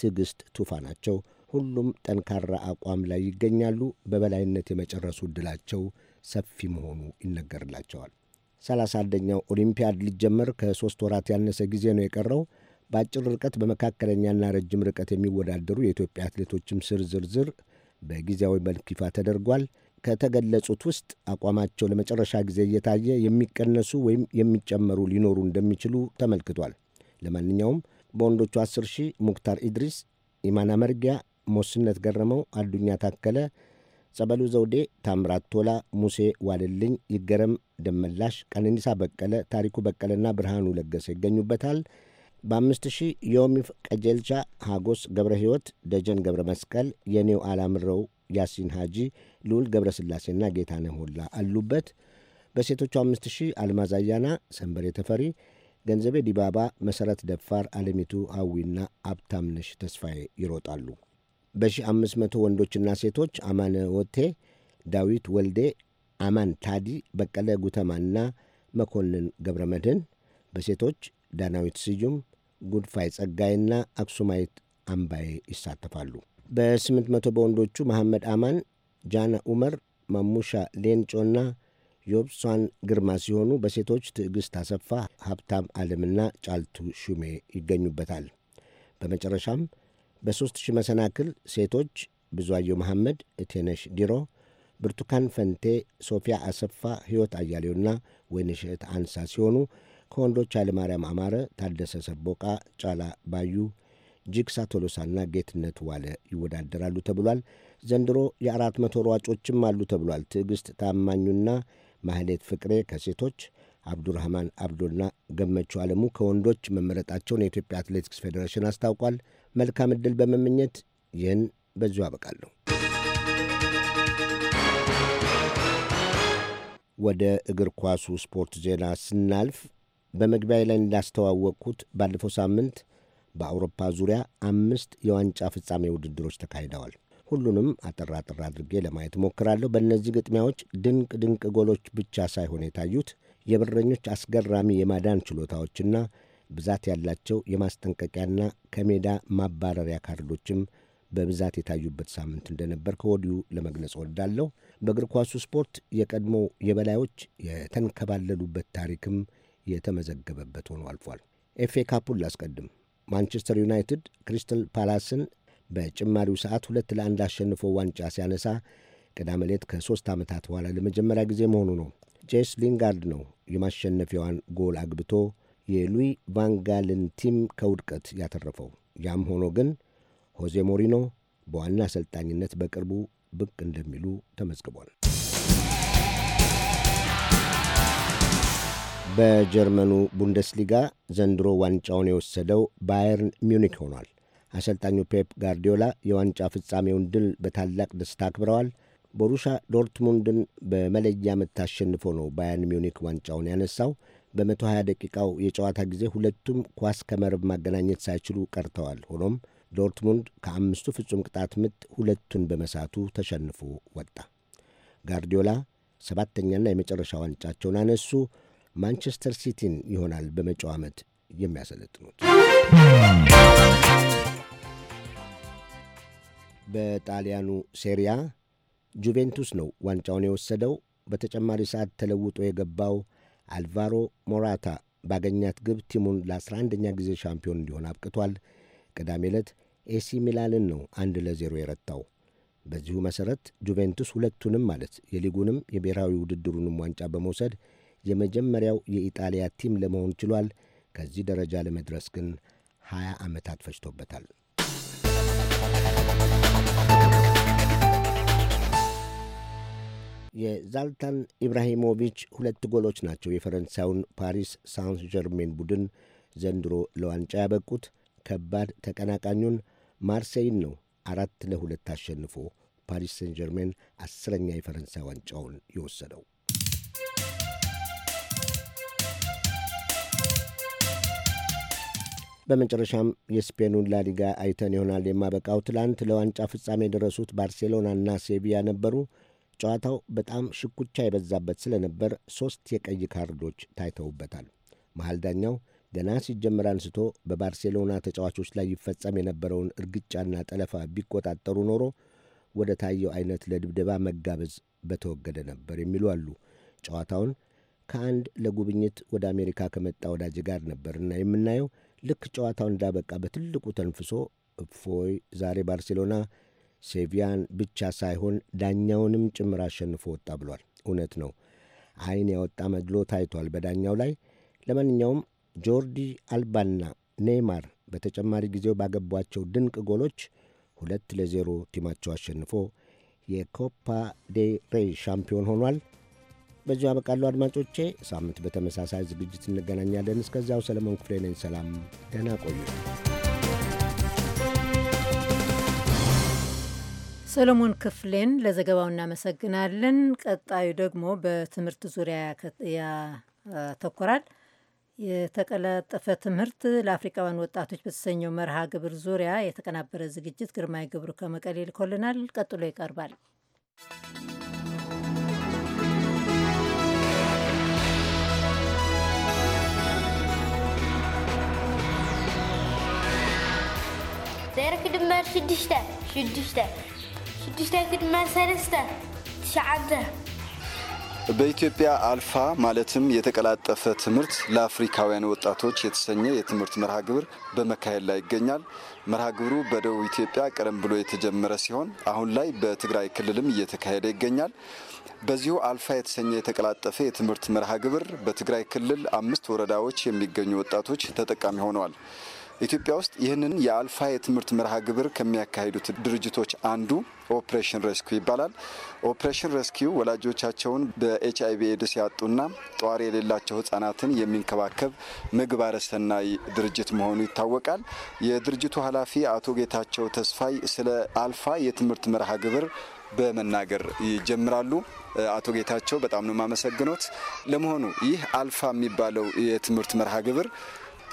[SPEAKER 5] ትዕግስት ቱፋ ናቸው። ሁሉም ጠንካራ አቋም ላይ ይገኛሉ። በበላይነት የመጨረሱ ዕድላቸው ሰፊ መሆኑ ይነገርላቸዋል። ሰላሳ አንደኛው ኦሊምፒያድ ሊጀመር ከሦስት ወራት ያነሰ ጊዜ ነው የቀረው። በአጭር ርቀት በመካከለኛና ረጅም ርቀት የሚወዳደሩ የኢትዮጵያ አትሌቶችም ስር ዝርዝር በጊዜያዊ መልክ ይፋ ተደርጓል። ከተገለጹት ውስጥ አቋማቸው ለመጨረሻ ጊዜ እየታየ የሚቀነሱ ወይም የሚጨመሩ ሊኖሩ እንደሚችሉ ተመልክቷል። ለማንኛውም በወንዶቹ 10 ሺህ ሙክታር ኢድሪስ፣ ኢማና መርጊያ፣ ሞስነት ገረመው፣ አዱኛ ታከለ፣ ጸበሉ ዘውዴ፣ ታምራት ቶላ፣ ሙሴ ዋልልኝ፣ ይገረም ደመላሽ፣ ቀነኒሳ በቀለ፣ ታሪኩ በቀለና ብርሃኑ ለገሰ ይገኙበታል። በአምስት ሺህ ዮሚፍ ቀጀልቻ፣ ሀጎስ ገብረ ሕይወት፣ ደጀን ገብረ መስቀል፣ የኔው አላምረው ያሲን ሀጂ፣ ልዑል ገብረስላሴና ጌታነ ሞላ አሉበት። በሴቶቹ ሺህ አልማዝ አያና፣ ሰንበሬ ተፈሪ፣ ገንዘቤ ዲባባ፣ መሠረት ደፋር፣ አለሚቱ ሀዊና አብታምነሽ ተስፋዬ ይሮጣሉ። መቶ ወንዶችና ሴቶች አማነ ወቴ፣ ዳዊት ወልዴ፣ አማን ታዲ፣ በቀለ ጉተማና መኮንን ገብረ መድህን በሴቶች ዳናዊት ስዩም፣ ጉድፋይ ጸጋይና አክሱማይት አምባዬ ይሳተፋሉ። በ800 በወንዶቹ መሐመድ አማን፣ ጃና ኡመር፣ ማሙሻ ሌንጮና ዮብሷን ግርማ ሲሆኑ በሴቶች ትዕግሥት አሰፋ፣ ሀብታም አለምና ጫልቱ ሹሜ ይገኙበታል። በመጨረሻም በ ሺህ መሰናክል ሴቶች ብዙአየሁ መሐመድ፣ እቴነሽ ዲሮ፣ ብርቱካን ፈንቴ፣ ሶፊያ አሰፋ፣ ሕይወት አያሌውና ወይንሸት አንሳ ሲሆኑ ከወንዶች ኃይለማርያም አማረ፣ ታደሰ ሰቦቃ፣ ጫላ ባዩ፣ ጂግሳ ቶሎሳና ጌትነት ዋለ ይወዳደራሉ ተብሏል። ዘንድሮ የአራት መቶ ሯጮችም አሉ ተብሏል። ትዕግስት ታማኙና ማህሌት ፍቅሬ ከሴቶች አብዱራህማን አብዶና ገመቹ አለሙ ከወንዶች መመረጣቸውን የኢትዮጵያ አትሌቲክስ ፌዴሬሽን አስታውቋል። መልካም ዕድል በመመኘት ይህን በዚሁ አበቃለሁ። ወደ እግር ኳሱ ስፖርት ዜና ስናልፍ በመግቢያ ላይ እንዳስተዋወቅኩት ባለፈው ሳምንት በአውሮፓ ዙሪያ አምስት የዋንጫ ፍጻሜ ውድድሮች ተካሂደዋል። ሁሉንም አጠር አጠር አድርጌ ለማየት እሞክራለሁ። በእነዚህ ግጥሚያዎች ድንቅ ድንቅ ጎሎች ብቻ ሳይሆን የታዩት የበረኞች አስገራሚ የማዳን ችሎታዎችና ብዛት ያላቸው የማስጠንቀቂያና ከሜዳ ማባረሪያ ካርዶችም በብዛት የታዩበት ሳምንት እንደነበር ከወዲሁ ለመግለጽ ወዳለሁ። በእግር ኳሱ ስፖርት የቀድሞ የበላዮች የተንከባለሉበት ታሪክም የተመዘገበበት ሆኖ አልፏል። ኤፌ ካፑን ላስቀድም። ማንቸስተር ዩናይትድ ክሪስታል ፓላስን በጭማሪው ሰዓት ሁለት ለአንድ አሸንፎ ዋንጫ ሲያነሳ ቅዳሜ ሌት ከሦስት ዓመታት በኋላ ለመጀመሪያ ጊዜ መሆኑ ነው። ጄስ ሊንጋርድ ነው የማሸነፊያዋን ጎል አግብቶ የሉዊ ቫንጋልን ቲም ከውድቀት ያተረፈው። ያም ሆኖ ግን ሆዜ ሞሪኖ በዋና አሰልጣኝነት በቅርቡ ብቅ እንደሚሉ ተመዝግቧል። በጀርመኑ ቡንደስሊጋ ዘንድሮ ዋንጫውን የወሰደው ባየርን ሚዩኒክ ሆኗል። አሰልጣኙ ፔፕ ጋርዲዮላ የዋንጫ ፍጻሜውን ድል በታላቅ ደስታ አክብረዋል። ቦሩሻ ዶርትሙንድን በመለያ ምት አሸንፎ ነው ባየርን ሚውኒክ ዋንጫውን ያነሳው። በ120 ደቂቃው የጨዋታ ጊዜ ሁለቱም ኳስ ከመረብ ማገናኘት ሳይችሉ ቀርተዋል። ሆኖም ዶርትሙንድ ከአምስቱ ፍጹም ቅጣት ምት ሁለቱን በመሳቱ ተሸንፎ ወጣ። ጋርዲዮላ ሰባተኛና የመጨረሻ ዋንጫቸውን አነሱ። ማንቸስተር ሲቲን ይሆናል በመጪው ዓመት የሚያሰለጥኑት። በጣሊያኑ ሴሪያ ጁቬንቱስ ነው ዋንጫውን የወሰደው። በተጨማሪ ሰዓት ተለውጦ የገባው አልቫሮ ሞራታ ባገኛት ግብ ቲሙን ለ11ኛ ጊዜ ሻምፒዮን እንዲሆን አብቅቷል። ቅዳሜ ዕለት ኤሲ ሚላንን ነው አንድ ለዜሮ የረታው። በዚሁ መሠረት ጁቬንቱስ ሁለቱንም ማለት የሊጉንም የብሔራዊ ውድድሩንም ዋንጫ በመውሰድ የመጀመሪያው የኢጣሊያ ቲም ለመሆን ችሏል። ከዚህ ደረጃ ለመድረስ ግን 20 ዓመታት ፈጅቶበታል። የዛልታን ኢብራሂሞቪች ሁለት ጎሎች ናቸው የፈረንሳዩን ፓሪስ ሳንስ ጀርሜን ቡድን ዘንድሮ ለዋንጫ ያበቁት። ከባድ ተቀናቃኙን ማርሴይን ነው አራት ለሁለት አሸንፎ ፓሪስ ሴን ጀርሜን አስረኛ የፈረንሳይ ዋንጫውን የወሰደው። በመጨረሻም የስፔኑን ላሊጋ አይተን ይሆናል የማበቃው። ትላንት ለዋንጫ ፍጻሜ የደረሱት ባርሴሎናና ሴቪያ ነበሩ። ጨዋታው በጣም ሽኩቻ የበዛበት ስለነበር ሦስት የቀይ ካርዶች ታይተውበታል። መሀል ዳኛው ገና ሲጀመር አንስቶ በባርሴሎና ተጫዋቾች ላይ ይፈጸም የነበረውን እርግጫና ጠለፋ ቢቆጣጠሩ ኖሮ ወደ ታየው አይነት ለድብደባ መጋበዝ በተወገደ ነበር የሚሉ አሉ። ጨዋታውን ከአንድ ለጉብኝት ወደ አሜሪካ ከመጣ ወዳጅ ጋር ነበርና የምናየው ልክ ጨዋታው እንዳበቃ በትልቁ ተንፍሶ እፎይ ዛሬ ባርሴሎና ሴቪያን ብቻ ሳይሆን ዳኛውንም ጭምር አሸንፎ ወጣ ብሏል። እውነት ነው፣ አይን ያወጣ መድሎ ታይቷል በዳኛው ላይ። ለማንኛውም ጆርዲ አልባና ኔይማር በተጨማሪ ጊዜው ባገቧቸው ድንቅ ጎሎች ሁለት ለዜሮ ቲማቸው አሸንፎ የኮፓ ዴ ሬይ ሻምፒዮን ሆኗል። በዚሁ አበቃለሁ። አድማጮቼ ሳምንት በተመሳሳይ ዝግጅት እንገናኛለን። እስከዚያው ሰለሞን ክፍሌ ነኝ። ሰላም፣ ደህና ቆዩ።
[SPEAKER 2] ሰሎሞን ክፍሌን ለዘገባው እናመሰግናለን። ቀጣዩ ደግሞ በትምህርት ዙሪያ ያተኮራል። የተቀላጠፈ ትምህርት ለአፍሪካውያን ወጣቶች በተሰኘው መርሃ ግብር ዙሪያ የተቀናበረ ዝግጅት ግርማይ ግብሩ ከመቀሌ ይልኮልናል። ቀጥሎ ይቀርባል።
[SPEAKER 7] ዜሮ ክድመር ሽዱሽተ ሽዱሽተ ሽዱሽተ ክድመር ሰለስተ ትሽዓተ
[SPEAKER 13] በኢትዮጵያ አልፋ ማለትም የተቀላጠፈ ትምህርት ለአፍሪካውያን ወጣቶች የተሰኘ የትምህርት መርሃ ግብር በመካሄድ ላይ ይገኛል። መርሃ ግብሩ በደቡብ ኢትዮጵያ ቀደም ብሎ የተጀመረ ሲሆን አሁን ላይ በትግራይ ክልልም እየተካሄደ ይገኛል። በዚሁ አልፋ የተሰኘ የተቀላጠፈ የትምህርት መርሃ ግብር በትግራይ ክልል አምስት ወረዳዎች የሚገኙ ወጣቶች ተጠቃሚ ሆነዋል። ኢትዮጵያ ውስጥ ይህንን የአልፋ የትምህርት መርሃ ግብር ከሚያካሂዱት ድርጅቶች አንዱ ኦፕሬሽን ሬስኪው ይባላል። ኦፕሬሽን ሬስኪው ወላጆቻቸውን በኤች አይቪ ኤድስ ያጡና ጧሪ የሌላቸው ህጻናትን የሚንከባከብ ምግባረ ሰናይ ድርጅት መሆኑ ይታወቃል። የድርጅቱ ኃላፊ አቶ ጌታቸው ተስፋይ ስለ አልፋ የትምህርት መርሃ ግብር በመናገር ይጀምራሉ። አቶ ጌታቸው በጣም ነው የማመሰግኖት። ለመሆኑ ይህ አልፋ የሚባለው የትምህርት መርሃ ግብር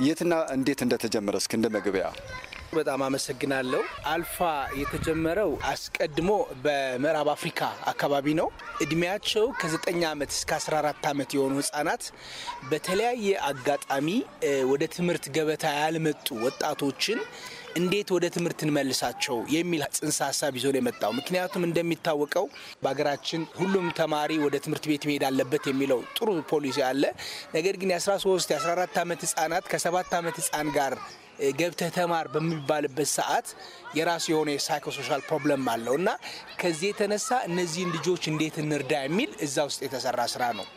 [SPEAKER 13] የትና እንዴት እንደተጀመረ እስክ እንደ መግቢያ
[SPEAKER 8] በጣም አመሰግናለሁ። አልፋ የተጀመረው አስቀድሞ በምዕራብ አፍሪካ አካባቢ ነው። እድሜያቸው ከ9 ዓመት እስከ 14 ዓመት የሆኑ ህጻናት በተለያየ አጋጣሚ ወደ ትምህርት ገበታ ያልመጡ ወጣቶችን እንዴት ወደ ትምህርት እንመልሳቸው የሚል ጽንሰ ሀሳብ ይዞ ነው የመጣው። ምክንያቱም እንደሚታወቀው በሀገራችን ሁሉም ተማሪ ወደ ትምህርት ቤት መሄድ አለበት የሚለው ጥሩ ፖሊሲ አለ። ነገር ግን የ13 የ14 ዓመት ህጻናት ከሰባት ዓመት ህጻን ጋር ገብተህ ተማር በሚባልበት ሰዓት የራሱ የሆነ የሳይኮሶሻል ፕሮብለም አለው እና ከዚህ የተነሳ እነዚህን ልጆች እንዴት እንርዳ የሚል እዛ ውስጥ የተሰራ ስራ ነው።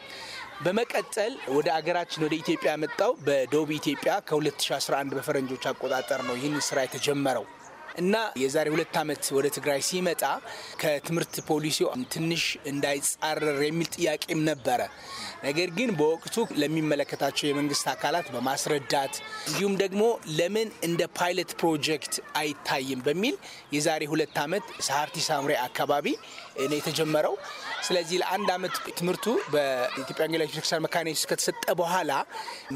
[SPEAKER 8] በመቀጠል ወደ አገራችን ወደ ኢትዮጵያ ያመጣው በደቡብ ኢትዮጵያ ከ2011 በፈረንጆች አቆጣጠር ነው ይህን ስራ የተጀመረው እና የዛሬ ሁለት ዓመት ወደ ትግራይ ሲመጣ ከትምህርት ፖሊሲው ትንሽ እንዳይጻረር የሚል ጥያቄም ነበረ። ነገር ግን በወቅቱ ለሚመለከታቸው የመንግስት አካላት በማስረዳት እንዲሁም ደግሞ ለምን እንደ ፓይለት ፕሮጀክት አይታይም በሚል የዛሬ ሁለት ዓመት ሰሀርቲ ሳምሬ አካባቢ ነው የተጀመረው። ስለዚህ ለአንድ አመት ትምህርቱ በኢትዮጵያ ወንጌላዊት ቤተክርስቲያን መካነ ኢየሱስ ከተሰጠ በኋላ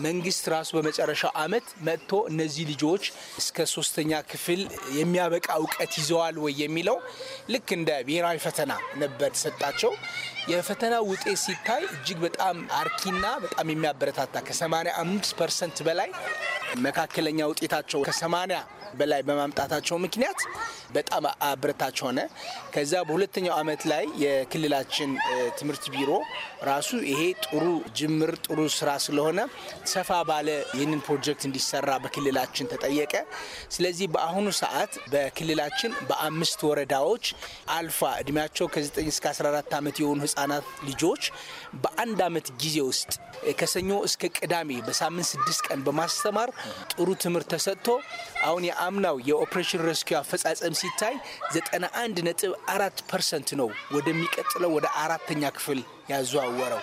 [SPEAKER 8] መንግስት ራሱ በመጨረሻው አመት መጥቶ እነዚህ ልጆች እስከ ሶስተኛ ክፍል የሚያበቃ እውቀት ይዘዋል ወይ የሚለው ልክ እንደ ብሔራዊ ፈተና ነበር ተሰጣቸው። የፈተና ውጤት ሲታይ እጅግ በጣም አርኪና በጣም የሚያበረታታ ከ85 ፐርሰንት በላይ መካከለኛ ውጤታቸው ከ80 በላይ በማምጣታቸው ምክንያት በጣም አበረታች ሆነ። ከዛ በሁለተኛው ዓመት ላይ የክልላችን ትምህርት ቢሮ ራሱ ይሄ ጥሩ ጅምር ጥሩ ስራ ስለሆነ ሰፋ ባለ ይህንን ፕሮጀክት እንዲሰራ በክልላችን ተጠየቀ። ስለዚህ በአሁኑ ሰዓት በክልላችን በአምስት ወረዳዎች አልፋ እድሜያቸው ከ9 እስከ 14 ዓመት የሆኑ ህጻናት ልጆች በአንድ አመት ጊዜ ውስጥ ከሰኞ እስከ ቅዳሜ በሳምንት ስድስት ቀን በማስተማር ጥሩ ትምህርት ተሰጥቶ አሁን የአምናው የኦፕሬሽን ሬስኪው አፈጻጸም ሲታይ አንድ ነጥብ አራት ፐርሰንት ነው ወደሚቀጥለው ወደ አራተኛ ክፍል ያዘዋወረው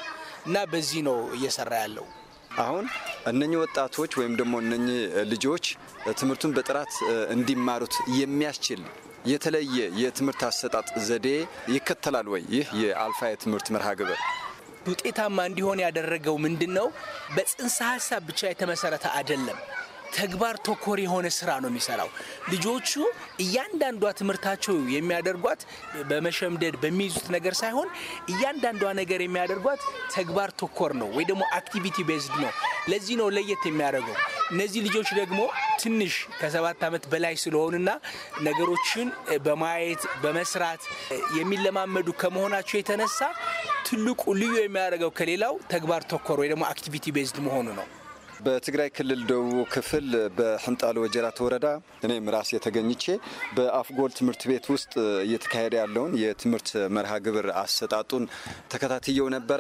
[SPEAKER 8] እና በዚህ ነው እየሰራ
[SPEAKER 13] ያለው። አሁን እነኚህ ወጣቶች ወይም ደግሞ እነኚህ ልጆች ትምህርቱን በጥራት እንዲማሩት የሚያስችል የተለየ የትምህርት አሰጣጥ ዘዴ ይከተላል ወይ? ይህ የአልፋ የትምህርት መርሃ ግብር ውጤታማ እንዲሆን ያደረገው ምንድን
[SPEAKER 8] ነው? በጽንሰ ሀሳብ ብቻ የተመሰረተ አይደለም። ተግባር ተኮር የሆነ ስራ ነው የሚሰራው። ልጆቹ እያንዳንዷ ትምህርታቸው የሚያደርጓት በመሸምደድ በሚይዙት ነገር ሳይሆን እያንዳንዷ ነገር የሚያደርጓት ተግባር ተኮር ነው ወይ ደግሞ አክቲቪቲ ቤዝድ ነው። ለዚህ ነው ለየት የሚያደርገው። እነዚህ ልጆች ደግሞ ትንሽ ከሰባት ዓመት በላይ ስለሆኑና ነገሮችን በማየት በመስራት የሚለማመዱ ከመሆናቸው የተነሳ ትልቁ ልዩ የሚያደርገው ከሌላው ተግባር ተኮር ወይ ደግሞ አክቲቪቲ ቤዝድ መሆኑ ነው።
[SPEAKER 13] በትግራይ ክልል ደቡብ ክፍል በህንጣሎ ወጀራት ወረዳ እኔም ራሴ ተገኝቼ በአፍጎል ትምህርት ቤት ውስጥ እየተካሄደ ያለውን የትምህርት መርሃ ግብር አሰጣጡን ተከታትየው ነበረ።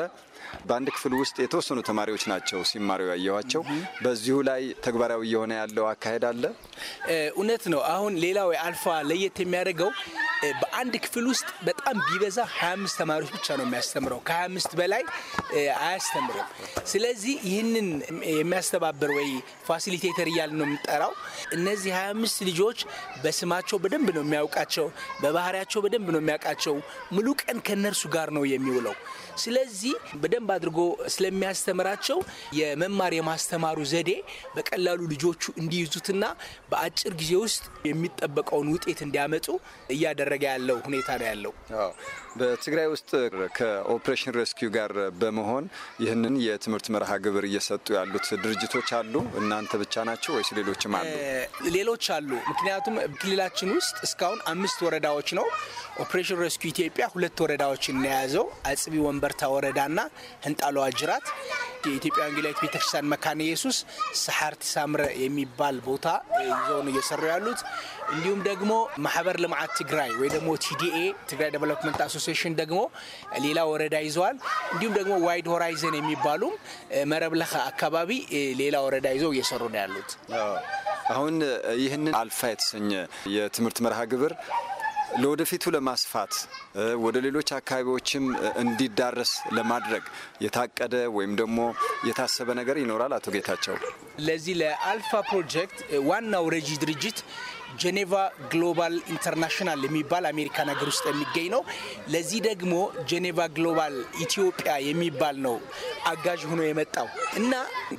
[SPEAKER 13] በአንድ ክፍል ውስጥ የተወሰኑ ተማሪዎች ናቸው ሲማሩ ያየኋቸው። በዚሁ ላይ ተግባራዊ እየሆነ ያለው አካሄድ አለ። እውነት ነው። አሁን ሌላው አልፋ ለየት የሚያደርገው በአንድ ክፍል ውስጥ በጣም
[SPEAKER 8] ቢበዛ 25 ተማሪዎች ብቻ ነው የሚያስተምረው። ከ25 በላይ አያስተምርም። ስለዚህ ይህንን የሚያስተባብር ወይ ፋሲሊቴተር እያል ነው የምጠራው። እነዚህ 25 ልጆች በስማቸው በደንብ ነው የሚያውቃቸው፣ በባህሪያቸው በደንብ ነው የሚያውቃቸው። ሙሉ ቀን ከእነርሱ ጋር ነው የሚውለው። ስለዚህ በደንብ አድርጎ ስለሚያስተምራቸው የመማር የማስተማሩ ዘዴ በቀላሉ ልጆቹ እንዲይዙትና በአጭር ጊዜ ውስጥ የሚጠበቀውን ውጤት እንዲያመጡ እያደረገ ያለው ሁኔታ ነው ያለው።
[SPEAKER 13] በትግራይ ውስጥ ከኦፕሬሽን ሬስኪዩ ጋር በመሆን ይህንን የትምህርት መርሃ ግብር እየሰጡ ያሉት ድርጅቶች አሉ። እናንተ ብቻ ናቸው ወይስ ሌሎችም አሉ?
[SPEAKER 8] ሌሎች አሉ። ምክንያቱም ክልላችን ውስጥ እስካሁን አምስት ወረዳዎች ነው ኦፕሬሽን ሬስኪ ኢትዮጵያ ሁለት ወረዳዎችን የያዘው አጽቢ ወንበርታ ወረዳና ህንጣሎ አጅራት የኢትዮጵያ ወንጌላዊት ቤተክርስቲያን መካነ ኢየሱስ ሰሓርቲ ሳምረ የሚባል ቦታ ይዘውን እየሰሩ ያሉት እንዲሁም ደግሞ ማህበር ልማት ትግራይ ወይ ደግሞ ቲዲኤ ትግራይ ዴቨሎፕመንት አሶሲሽን ደግሞ ሌላ ወረዳ ይዘዋል። እንዲሁም ደግሞ ዋይድ ሆራይዘን የሚባሉም መረብ አካባቢ ሌላ ወረዳ ይዘው እየሰሩ ነው ያሉት።
[SPEAKER 13] አሁን ይህንን አልፋ የተሰኘ የትምህርት መርሃ ግብር ለወደፊቱ ለማስፋት ወደ ሌሎች አካባቢዎችም እንዲዳረስ ለማድረግ የታቀደ ወይም ደግሞ የታሰበ ነገር ይኖራል? አቶ ጌታቸው፣
[SPEAKER 8] ለዚህ ለአልፋ ፕሮጀክት ዋናው ረጂ ድርጅት ጄኔቫ ግሎባል ኢንተርናሽናል የሚባል አሜሪካን ሀገር ውስጥ የሚገኝ ነው። ለዚህ ደግሞ ጄኔቫ ግሎባል ኢትዮጵያ የሚባል ነው አጋዥ ሆኖ የመጣው እና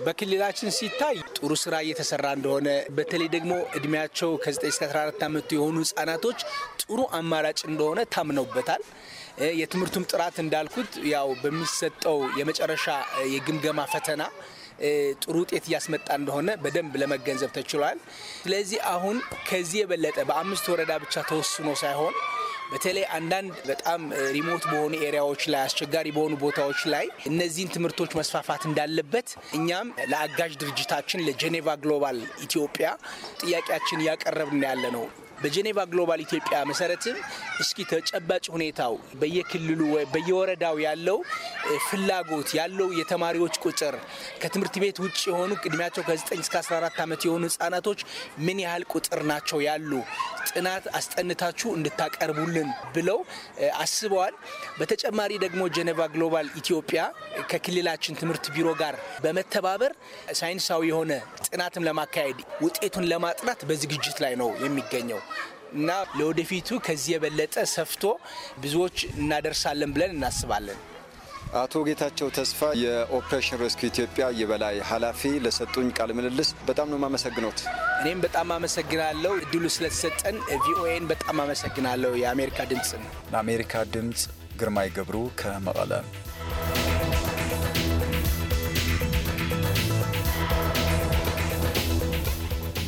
[SPEAKER 8] በክልላችን ሲታይ ጥሩ ስራ እየተሰራ እንደሆነ በተለይ ደግሞ እድሜያቸው ከ9 እስከ 14 ዓመቱ የሆኑ ህጻናቶች ጥሩ አማራጭ እንደሆነ ታምነውበታል። የትምህርቱም ጥራት እንዳልኩት ያው በሚሰጠው የመጨረሻ የግምገማ ፈተና ጥሩ ውጤት እያስመጣ እንደሆነ በደንብ ለመገንዘብ ተችሏል። ስለዚህ አሁን ከዚህ የበለጠ በአምስት ወረዳ ብቻ ተወስኖ ሳይሆን በተለይ አንዳንድ በጣም ሪሞት በሆኑ ኤሪያዎች ላይ አስቸጋሪ በሆኑ ቦታዎች ላይ እነዚህን ትምህርቶች መስፋፋት እንዳለበት እኛም ለአጋዥ ድርጅታችን ለጄኔቫ ግሎባል ኢትዮጵያ ጥያቄያችን እያቀረብን ያለ ነው። በጄኔቫ ግሎባል ኢትዮጵያ መሰረትም እስኪ ተጨባጭ ሁኔታው በየክልሉ በየወረዳው ያለው ፍላጎት ያለው የተማሪዎች ቁጥር ከትምህርት ቤት ውጭ የሆኑ ቅድሚያቸው ከ9 እስከ 14 ዓመት የሆኑ ህጻናቶች ምን ያህል ቁጥር ናቸው ያሉ ጥናት አስጠንታችሁ እንድታቀርቡልን ብለው አስበዋል። በተጨማሪ ደግሞ ጄኔቫ ግሎባል ኢትዮጵያ ከክልላችን ትምህርት ቢሮ ጋር በመተባበር ሳይንሳዊ የሆነ ጥናትም ለማካሄድ ውጤቱን ለማጥናት በዝግጅት ላይ ነው የሚገኘው። እና ለወደፊቱ ከዚህ የበለጠ ሰፍቶ ብዙዎች
[SPEAKER 13] እናደርሳለን ብለን እናስባለን። አቶ ጌታቸው ተስፋ የኦፕሬሽን ሬስኪ ኢትዮጵያ የበላይ ኃላፊ ለሰጡኝ ቃለ ምልልስ በጣም ነው የማመሰግኖት። እኔም በጣም አመሰግናለሁ
[SPEAKER 8] እድሉ ስለተሰጠን። ቪኦኤን በጣም አመሰግናለሁ። የአሜሪካ ድምፅ ነው።
[SPEAKER 13] ለአሜሪካ ድምፅ ግርማይ ገብሩ ከመቀለም።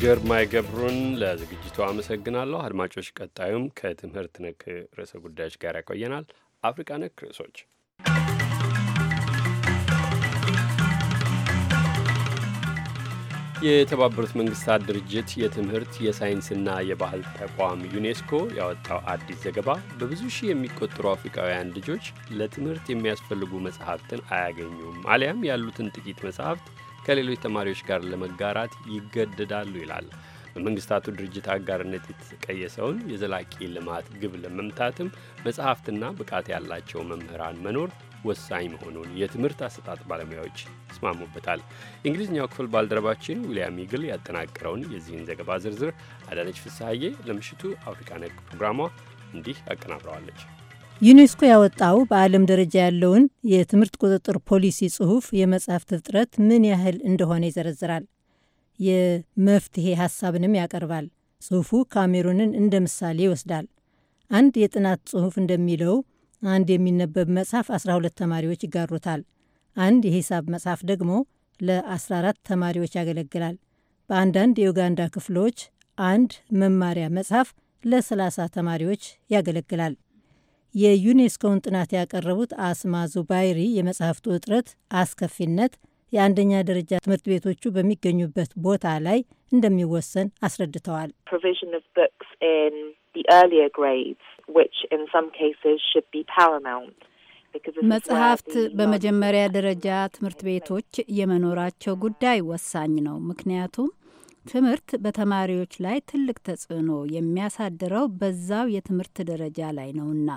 [SPEAKER 1] ግርማይ ገብሩን ለዝግጅቱ አመሰግናለሁ። አድማጮች፣ ቀጣዩም ከትምህርት ነክ ርዕሰ ጉዳዮች ጋር ያቆየናል። አፍሪቃ ነክ ርዕሶች የተባበሩት መንግስታት ድርጅት የትምህርት የሳይንስና የባህል ተቋም ዩኔስኮ ያወጣው አዲስ ዘገባ በብዙ ሺህ የሚቆጠሩ አፍሪካውያን ልጆች ለትምህርት የሚያስፈልጉ መጽሐፍትን አያገኙም አሊያም ያሉትን ጥቂት መጽሐፍት ከሌሎች ተማሪዎች ጋር ለመጋራት ይገደዳሉ ይላል። በመንግስታቱ ድርጅት አጋርነት የተቀየሰውን የዘላቂ ልማት ግብ ለመምታትም መጽሐፍትና ብቃት ያላቸው መምህራን መኖር ወሳኝ መሆኑን የትምህርት አሰጣጥ ባለሙያዎች ይስማሙበታል። የእንግሊዝኛው ክፍል ባልደረባችን ዊልያም ይግል ያጠናቀረውን የዚህን ዘገባ ዝርዝር አዳነች ፍስሐዬ ለምሽቱ አፍሪካ ነክ ፕሮግራሟ እንዲህ አቀናብረዋለች።
[SPEAKER 2] ዩኔስኮ ያወጣው በዓለም ደረጃ ያለውን የትምህርት ቁጥጥር ፖሊሲ ጽሑፍ የመጽሐፍት እጥረት ምን ያህል እንደሆነ ይዘረዝራል፣ የመፍትሄ ሀሳብንም ያቀርባል። ጽሑፉ ካሜሩንን እንደ ምሳሌ ይወስዳል። አንድ የጥናት ጽሑፍ እንደሚለው አንድ የሚነበብ መጽሐፍ 12 ተማሪዎች ይጋሩታል። አንድ የሂሳብ መጽሐፍ ደግሞ ለ14 ተማሪዎች ያገለግላል። በአንዳንድ የኡጋንዳ ክፍሎች አንድ መማሪያ መጽሐፍ ለ30 ተማሪዎች ያገለግላል። የዩኔስኮን ጥናት ያቀረቡት አስማ ዙባይሪ የመጽሐፍቱ እጥረት አስከፊነት የአንደኛ ደረጃ ትምህርት ቤቶቹ በሚገኙበት ቦታ ላይ እንደሚወሰን አስረድተዋል።
[SPEAKER 11] መጽሐፍት
[SPEAKER 10] በመጀመሪያ ደረጃ ትምህርት ቤቶች የመኖራቸው ጉዳይ ወሳኝ ነው። ምክንያቱም ትምህርት በተማሪዎች ላይ ትልቅ ተጽዕኖ የሚያሳድረው በዛው የትምህርት ደረጃ ላይ ነውና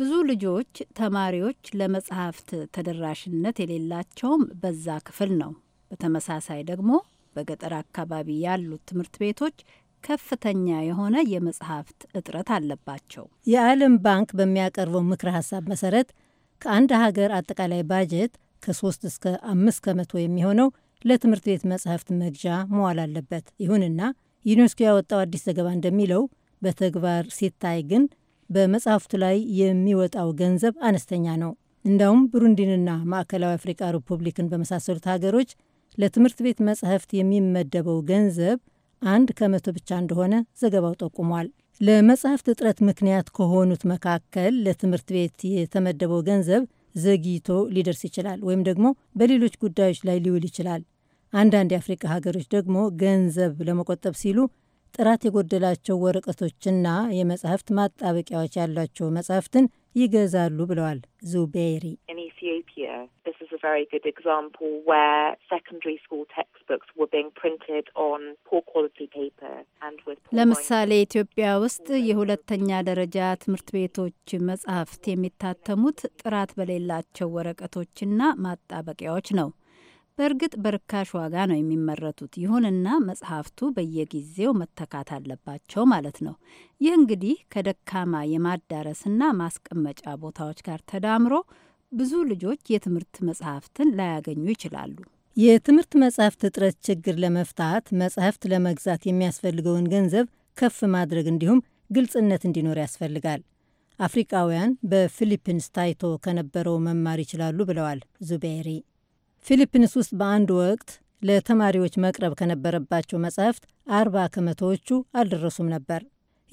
[SPEAKER 10] ብዙ ልጆች ተማሪዎች ለመጽሐፍት ተደራሽነት የሌላቸውም በዛ ክፍል ነው። በተመሳሳይ ደግሞ በገጠር አካባቢ ያሉት ትምህርት ቤቶች ከፍተኛ የሆነ የመጽሐፍት እጥረት አለባቸው።
[SPEAKER 2] የዓለም ባንክ በሚያቀርበው ምክረ ሀሳብ መሰረት ከአንድ ሀገር አጠቃላይ ባጀት ከ3 እስከ 5 ከመቶ የሚሆነው ለትምህርት ቤት መጽሐፍት መግዣ መዋል አለበት። ይሁንና ዩኔስኮ ያወጣው አዲስ ዘገባ እንደሚለው በተግባር ሲታይ ግን በመጽሐፍቱ ላይ የሚወጣው ገንዘብ አነስተኛ ነው። እንዲያውም ብሩንዲንና ማዕከላዊ አፍሪቃ ሪፑብሊክን በመሳሰሉት ሀገሮች ለትምህርት ቤት መጽሕፍት የሚመደበው ገንዘብ አንድ ከመቶ ብቻ እንደሆነ ዘገባው ጠቁሟል። ለመጽሕፍት እጥረት ምክንያት ከሆኑት መካከል ለትምህርት ቤት የተመደበው ገንዘብ ዘግይቶ ሊደርስ ይችላል ወይም ደግሞ በሌሎች ጉዳዮች ላይ ሊውል ይችላል። አንዳንድ የአፍሪቃ ሀገሮች ደግሞ ገንዘብ ለመቆጠብ ሲሉ ጥራት የጎደላቸው ወረቀቶችና የመጽሕፍት ማጣበቂያዎች ያሏቸው መጽሕፍትን ይገዛሉ ብለዋል ዙቤሪ።
[SPEAKER 10] ለምሳሌ ኢትዮጵያ ውስጥ የሁለተኛ ደረጃ ትምህርት ቤቶች መጽሐፍት የሚታተሙት ጥራት በሌላቸው ወረቀቶችና ማጣበቂያዎች ነው። በእርግጥ በርካሽ ዋጋ ነው የሚመረቱት። ይሁንና መጽሐፍቱ በየጊዜው መተካት አለባቸው ማለት ነው። ይህ እንግዲህ ከደካማ የማዳረስና ማስቀመጫ ቦታዎች ጋር ተዳምሮ ብዙ ልጆች የትምህርት መጽሐፍትን ላያገኙ ይችላሉ።
[SPEAKER 2] የትምህርት መጽሐፍት እጥረት ችግር ለመፍታት መጽሐፍት ለመግዛት የሚያስፈልገውን ገንዘብ ከፍ ማድረግ እንዲሁም ግልጽነት እንዲኖር ያስፈልጋል። አፍሪቃውያን በፊሊፒንስ ታይቶ ከነበረው መማር ይችላሉ ብለዋል ዙቤሪ። ፊሊፒንስ ውስጥ በአንድ ወቅት ለተማሪዎች መቅረብ ከነበረባቸው መጻሕፍት አርባ ከመቶዎቹ አልደረሱም ነበር።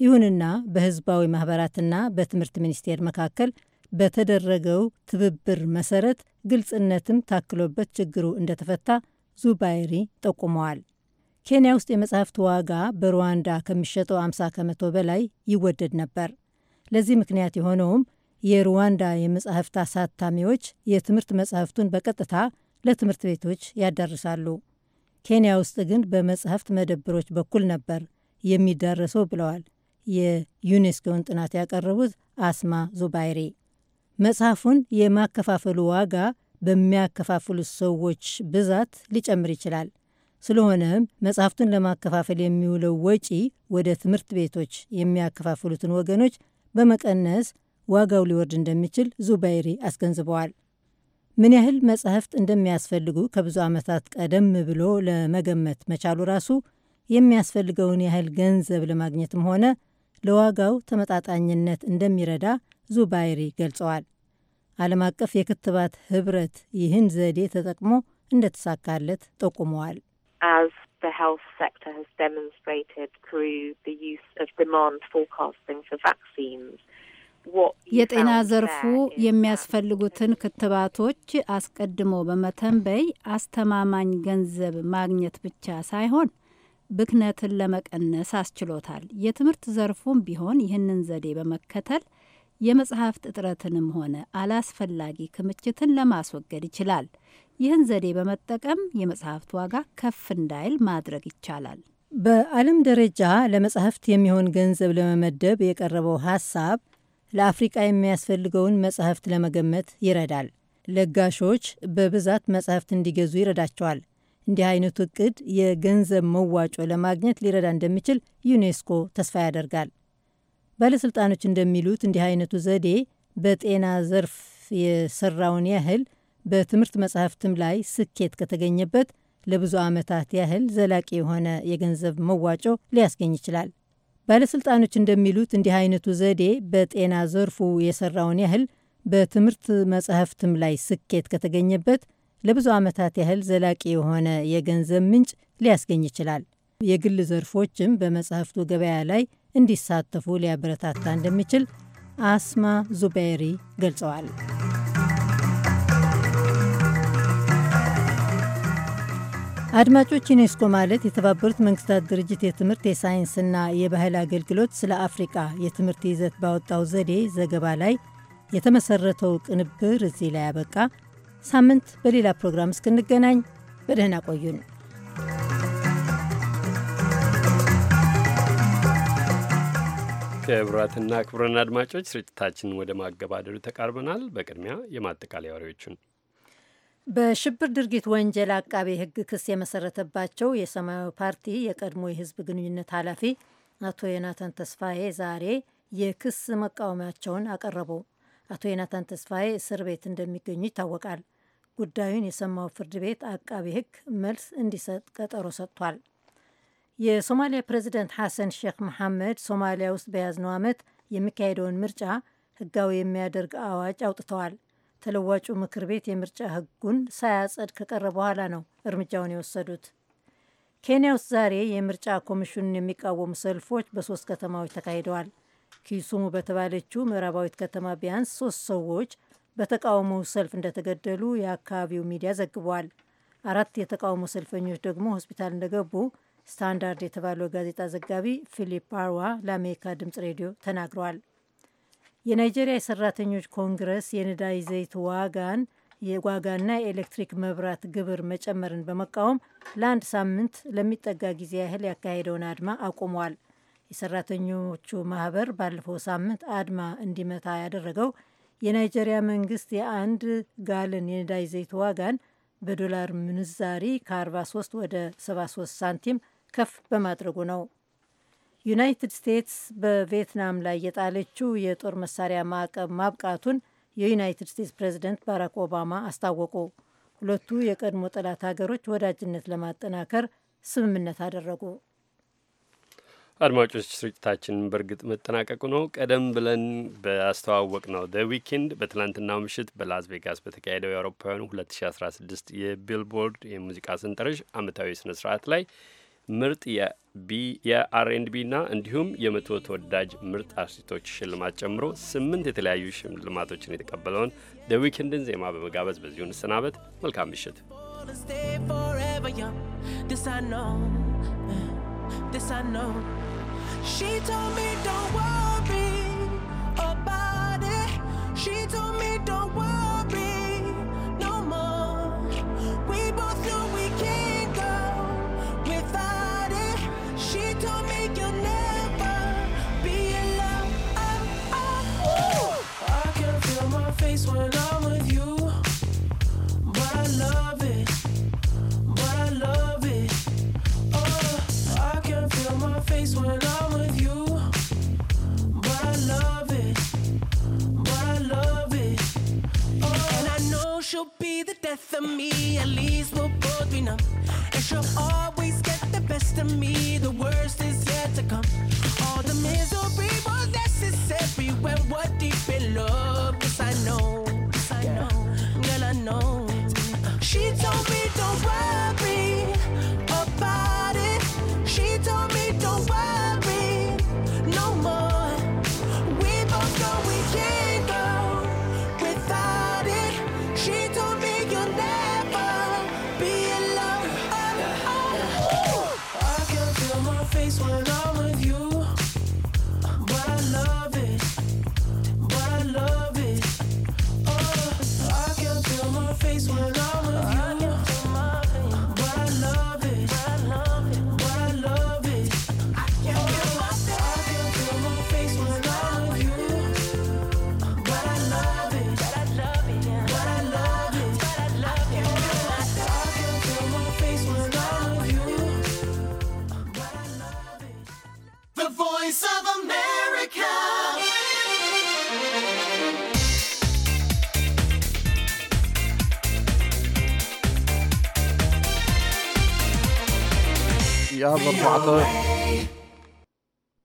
[SPEAKER 2] ይሁንና በሕዝባዊ ማኅበራትና በትምህርት ሚኒስቴር መካከል በተደረገው ትብብር መሰረት ግልጽነትም ታክሎበት ችግሩ እንደተፈታ ዙባይሪ ጠቁመዋል። ኬንያ ውስጥ የመጽሕፍት ዋጋ በሩዋንዳ ከሚሸጠው 50 ከመቶ በላይ ይወደድ ነበር። ለዚህ ምክንያት የሆነውም የሩዋንዳ የመጽሕፍት አሳታሚዎች የትምህርት መጽሕፍቱን በቀጥታ ለትምህርት ቤቶች ያዳርሳሉ። ኬንያ ውስጥ ግን በመጽሕፍት መደብሮች በኩል ነበር የሚዳረሰው ብለዋል የዩኔስኮን ጥናት ያቀረቡት አስማ ዙባይሪ። መጽሐፉን የማከፋፈሉ ዋጋ በሚያከፋፍሉ ሰዎች ብዛት ሊጨምር ይችላል። ስለሆነም መጽሐፍቱን ለማከፋፈል የሚውለው ወጪ ወደ ትምህርት ቤቶች የሚያከፋፍሉትን ወገኖች በመቀነስ ዋጋው ሊወርድ እንደሚችል ዙባይሪ አስገንዝበዋል። ምን ያህል መጻሕፍት እንደሚያስፈልጉ ከብዙ ዓመታት ቀደም ብሎ ለመገመት መቻሉ ራሱ የሚያስፈልገውን ያህል ገንዘብ ለማግኘትም ሆነ ለዋጋው ተመጣጣኝነት እንደሚረዳ ዙባይሪ ገልጸዋል። ዓለም አቀፍ የክትባት ህብረት ይህን ዘዴ ተጠቅሞ እንደተሳካለት ጠቁመዋል። የጤና ዘርፉ
[SPEAKER 10] የሚያስፈልጉትን ክትባቶች አስቀድሞ በመተንበይ አስተማማኝ ገንዘብ ማግኘት ብቻ ሳይሆን ብክነትን ለመቀነስ አስችሎታል። የትምህርት ዘርፉም ቢሆን ይህንን ዘዴ በመከተል የመጽሐፍት እጥረትንም ሆነ አላስፈላጊ ክምችትን ለማስወገድ ይችላል። ይህን ዘዴ በመጠቀም የመጽሐፍት ዋጋ ከፍ እንዳይል ማድረግ ይቻላል።
[SPEAKER 2] በዓለም ደረጃ ለመጽሐፍት የሚሆን ገንዘብ ለመመደብ የቀረበው ሀሳብ ለአፍሪቃ የሚያስፈልገውን መጽሕፍት ለመገመት ይረዳል። ለጋሾች በብዛት መጽሕፍት እንዲገዙ ይረዳቸዋል። እንዲህ አይነቱ እቅድ የገንዘብ መዋጮ ለማግኘት ሊረዳ እንደሚችል ዩኔስኮ ተስፋ ያደርጋል። ባለሥልጣኖች እንደሚሉት እንዲህ አይነቱ ዘዴ በጤና ዘርፍ የሰራውን ያህል በትምህርት መጽሕፍትም ላይ ስኬት ከተገኘበት ለብዙ ዓመታት ያህል ዘላቂ የሆነ የገንዘብ መዋጮ ሊያስገኝ ይችላል። ባለሥልጣኖች እንደሚሉት እንዲህ አይነቱ ዘዴ በጤና ዘርፉ የሰራውን ያህል በትምህርት መጻሕፍትም ላይ ስኬት ከተገኘበት ለብዙ ዓመታት ያህል ዘላቂ የሆነ የገንዘብ ምንጭ ሊያስገኝ ይችላል። የግል ዘርፎችም በመጻሕፍቱ ገበያ ላይ እንዲሳተፉ ሊያበረታታ እንደሚችል አስማ ዙበይሪ ገልጸዋል። አድማጮች፣ ዩኔስኮ ማለት የተባበሩት መንግስታት ድርጅት የትምህርት የሳይንስና የባህል አገልግሎት ስለ አፍሪቃ የትምህርት ይዘት ባወጣው ዘዴ ዘገባ ላይ የተመሰረተው ቅንብር እዚህ ላይ ያበቃ። ሳምንት በሌላ ፕሮግራም እስክንገናኝ በደህና ቆዩን።
[SPEAKER 1] ክቡራትና ክቡራን አድማጮች ስርጭታችንን ወደ ማገባደዱ ተቃርበናል። በቅድሚያ የማጠቃለያ ወሬዎቹን
[SPEAKER 2] በሽብር ድርጊት ወንጀል አቃቤ ሕግ ክስ የመሰረተባቸው የሰማያዊ ፓርቲ የቀድሞ የህዝብ ግንኙነት ኃላፊ አቶ ዮናታን ተስፋዬ ዛሬ የክስ መቃወሚያቸውን አቀረቡ። አቶ ዮናታን ተስፋዬ እስር ቤት እንደሚገኙ ይታወቃል። ጉዳዩን የሰማው ፍርድ ቤት አቃቤ ሕግ መልስ እንዲሰጥ ቀጠሮ ሰጥቷል። የሶማሊያ ፕሬዚደንት ሐሰን ሼክ መሐመድ ሶማሊያ ውስጥ በያዝነው ዓመት የሚካሄደውን ምርጫ ህጋዊ የሚያደርግ አዋጅ አውጥተዋል። ተለዋጩ ምክር ቤት የምርጫ ህጉን ሳያጸድ ከቀረ በኋላ ነው እርምጃውን የወሰዱት። ኬንያ ውስጥ ዛሬ የምርጫ ኮሚሽኑን የሚቃወሙ ሰልፎች በሶስት ከተማዎች ተካሂደዋል። ኪሱሙ በተባለችው ምዕራባዊት ከተማ ቢያንስ ሶስት ሰዎች በተቃውሞው ሰልፍ እንደተገደሉ የአካባቢው ሚዲያ ዘግቧል። አራት የተቃውሞ ሰልፈኞች ደግሞ ሆስፒታል እንደገቡ ስታንዳርድ የተባለው ጋዜጣ ዘጋቢ ፊሊፕ አርዋ ለአሜሪካ ድምጽ ሬዲዮ ተናግረዋል። የናይጄሪያ የሰራተኞች ኮንግረስ የነዳጅ ዘይት ዋጋን የዋጋና የኤሌክትሪክ መብራት ግብር መጨመርን በመቃወም ለአንድ ሳምንት ለሚጠጋ ጊዜ ያህል ያካሄደውን አድማ አቁሟል። የሰራተኞቹ ማህበር ባለፈው ሳምንት አድማ እንዲመታ ያደረገው የናይጀሪያ መንግስት የአንድ ጋልን የነዳጅ ዘይት ዋጋን በዶላር ምንዛሪ ከ43 ወደ 73 ሳንቲም ከፍ በማድረጉ ነው። ዩናይትድ ስቴትስ በቪየትናም ላይ የጣለችው የጦር መሳሪያ ማዕቀብ ማብቃቱን የዩናይትድ ስቴትስ ፕሬዚደንት ባራክ ኦባማ አስታወቁ። ሁለቱ የቀድሞ ጠላት ሀገሮች ወዳጅነት ለማጠናከር ስምምነት አደረጉ።
[SPEAKER 1] አድማጮች ስርጭታችን በእርግጥ መጠናቀቁ ነው። ቀደም ብለን በአስተዋወቅ ነው ደ ዊኬንድ በትላንትናው ምሽት በላስ ቬጋስ በተካሄደው የአውሮፓውያኑ 2016 የቢልቦርድ የሙዚቃ ሰንጠረዥ አመታዊ ስነ ስርዓት ላይ ምርጥ የአርኤንቢ ና እንዲሁም የመቶ ተወዳጅ ምርጥ አርቲስቶች ሽልማት ጨምሮ ስምንት የተለያዩ ሽልማቶችን የተቀበለውን ደ ዊክንድን ዜማ በመጋበዝ በዚሁ እንሰናበት። መልካም ምሽት።
[SPEAKER 12] She told me don't worry
[SPEAKER 3] 个挂子。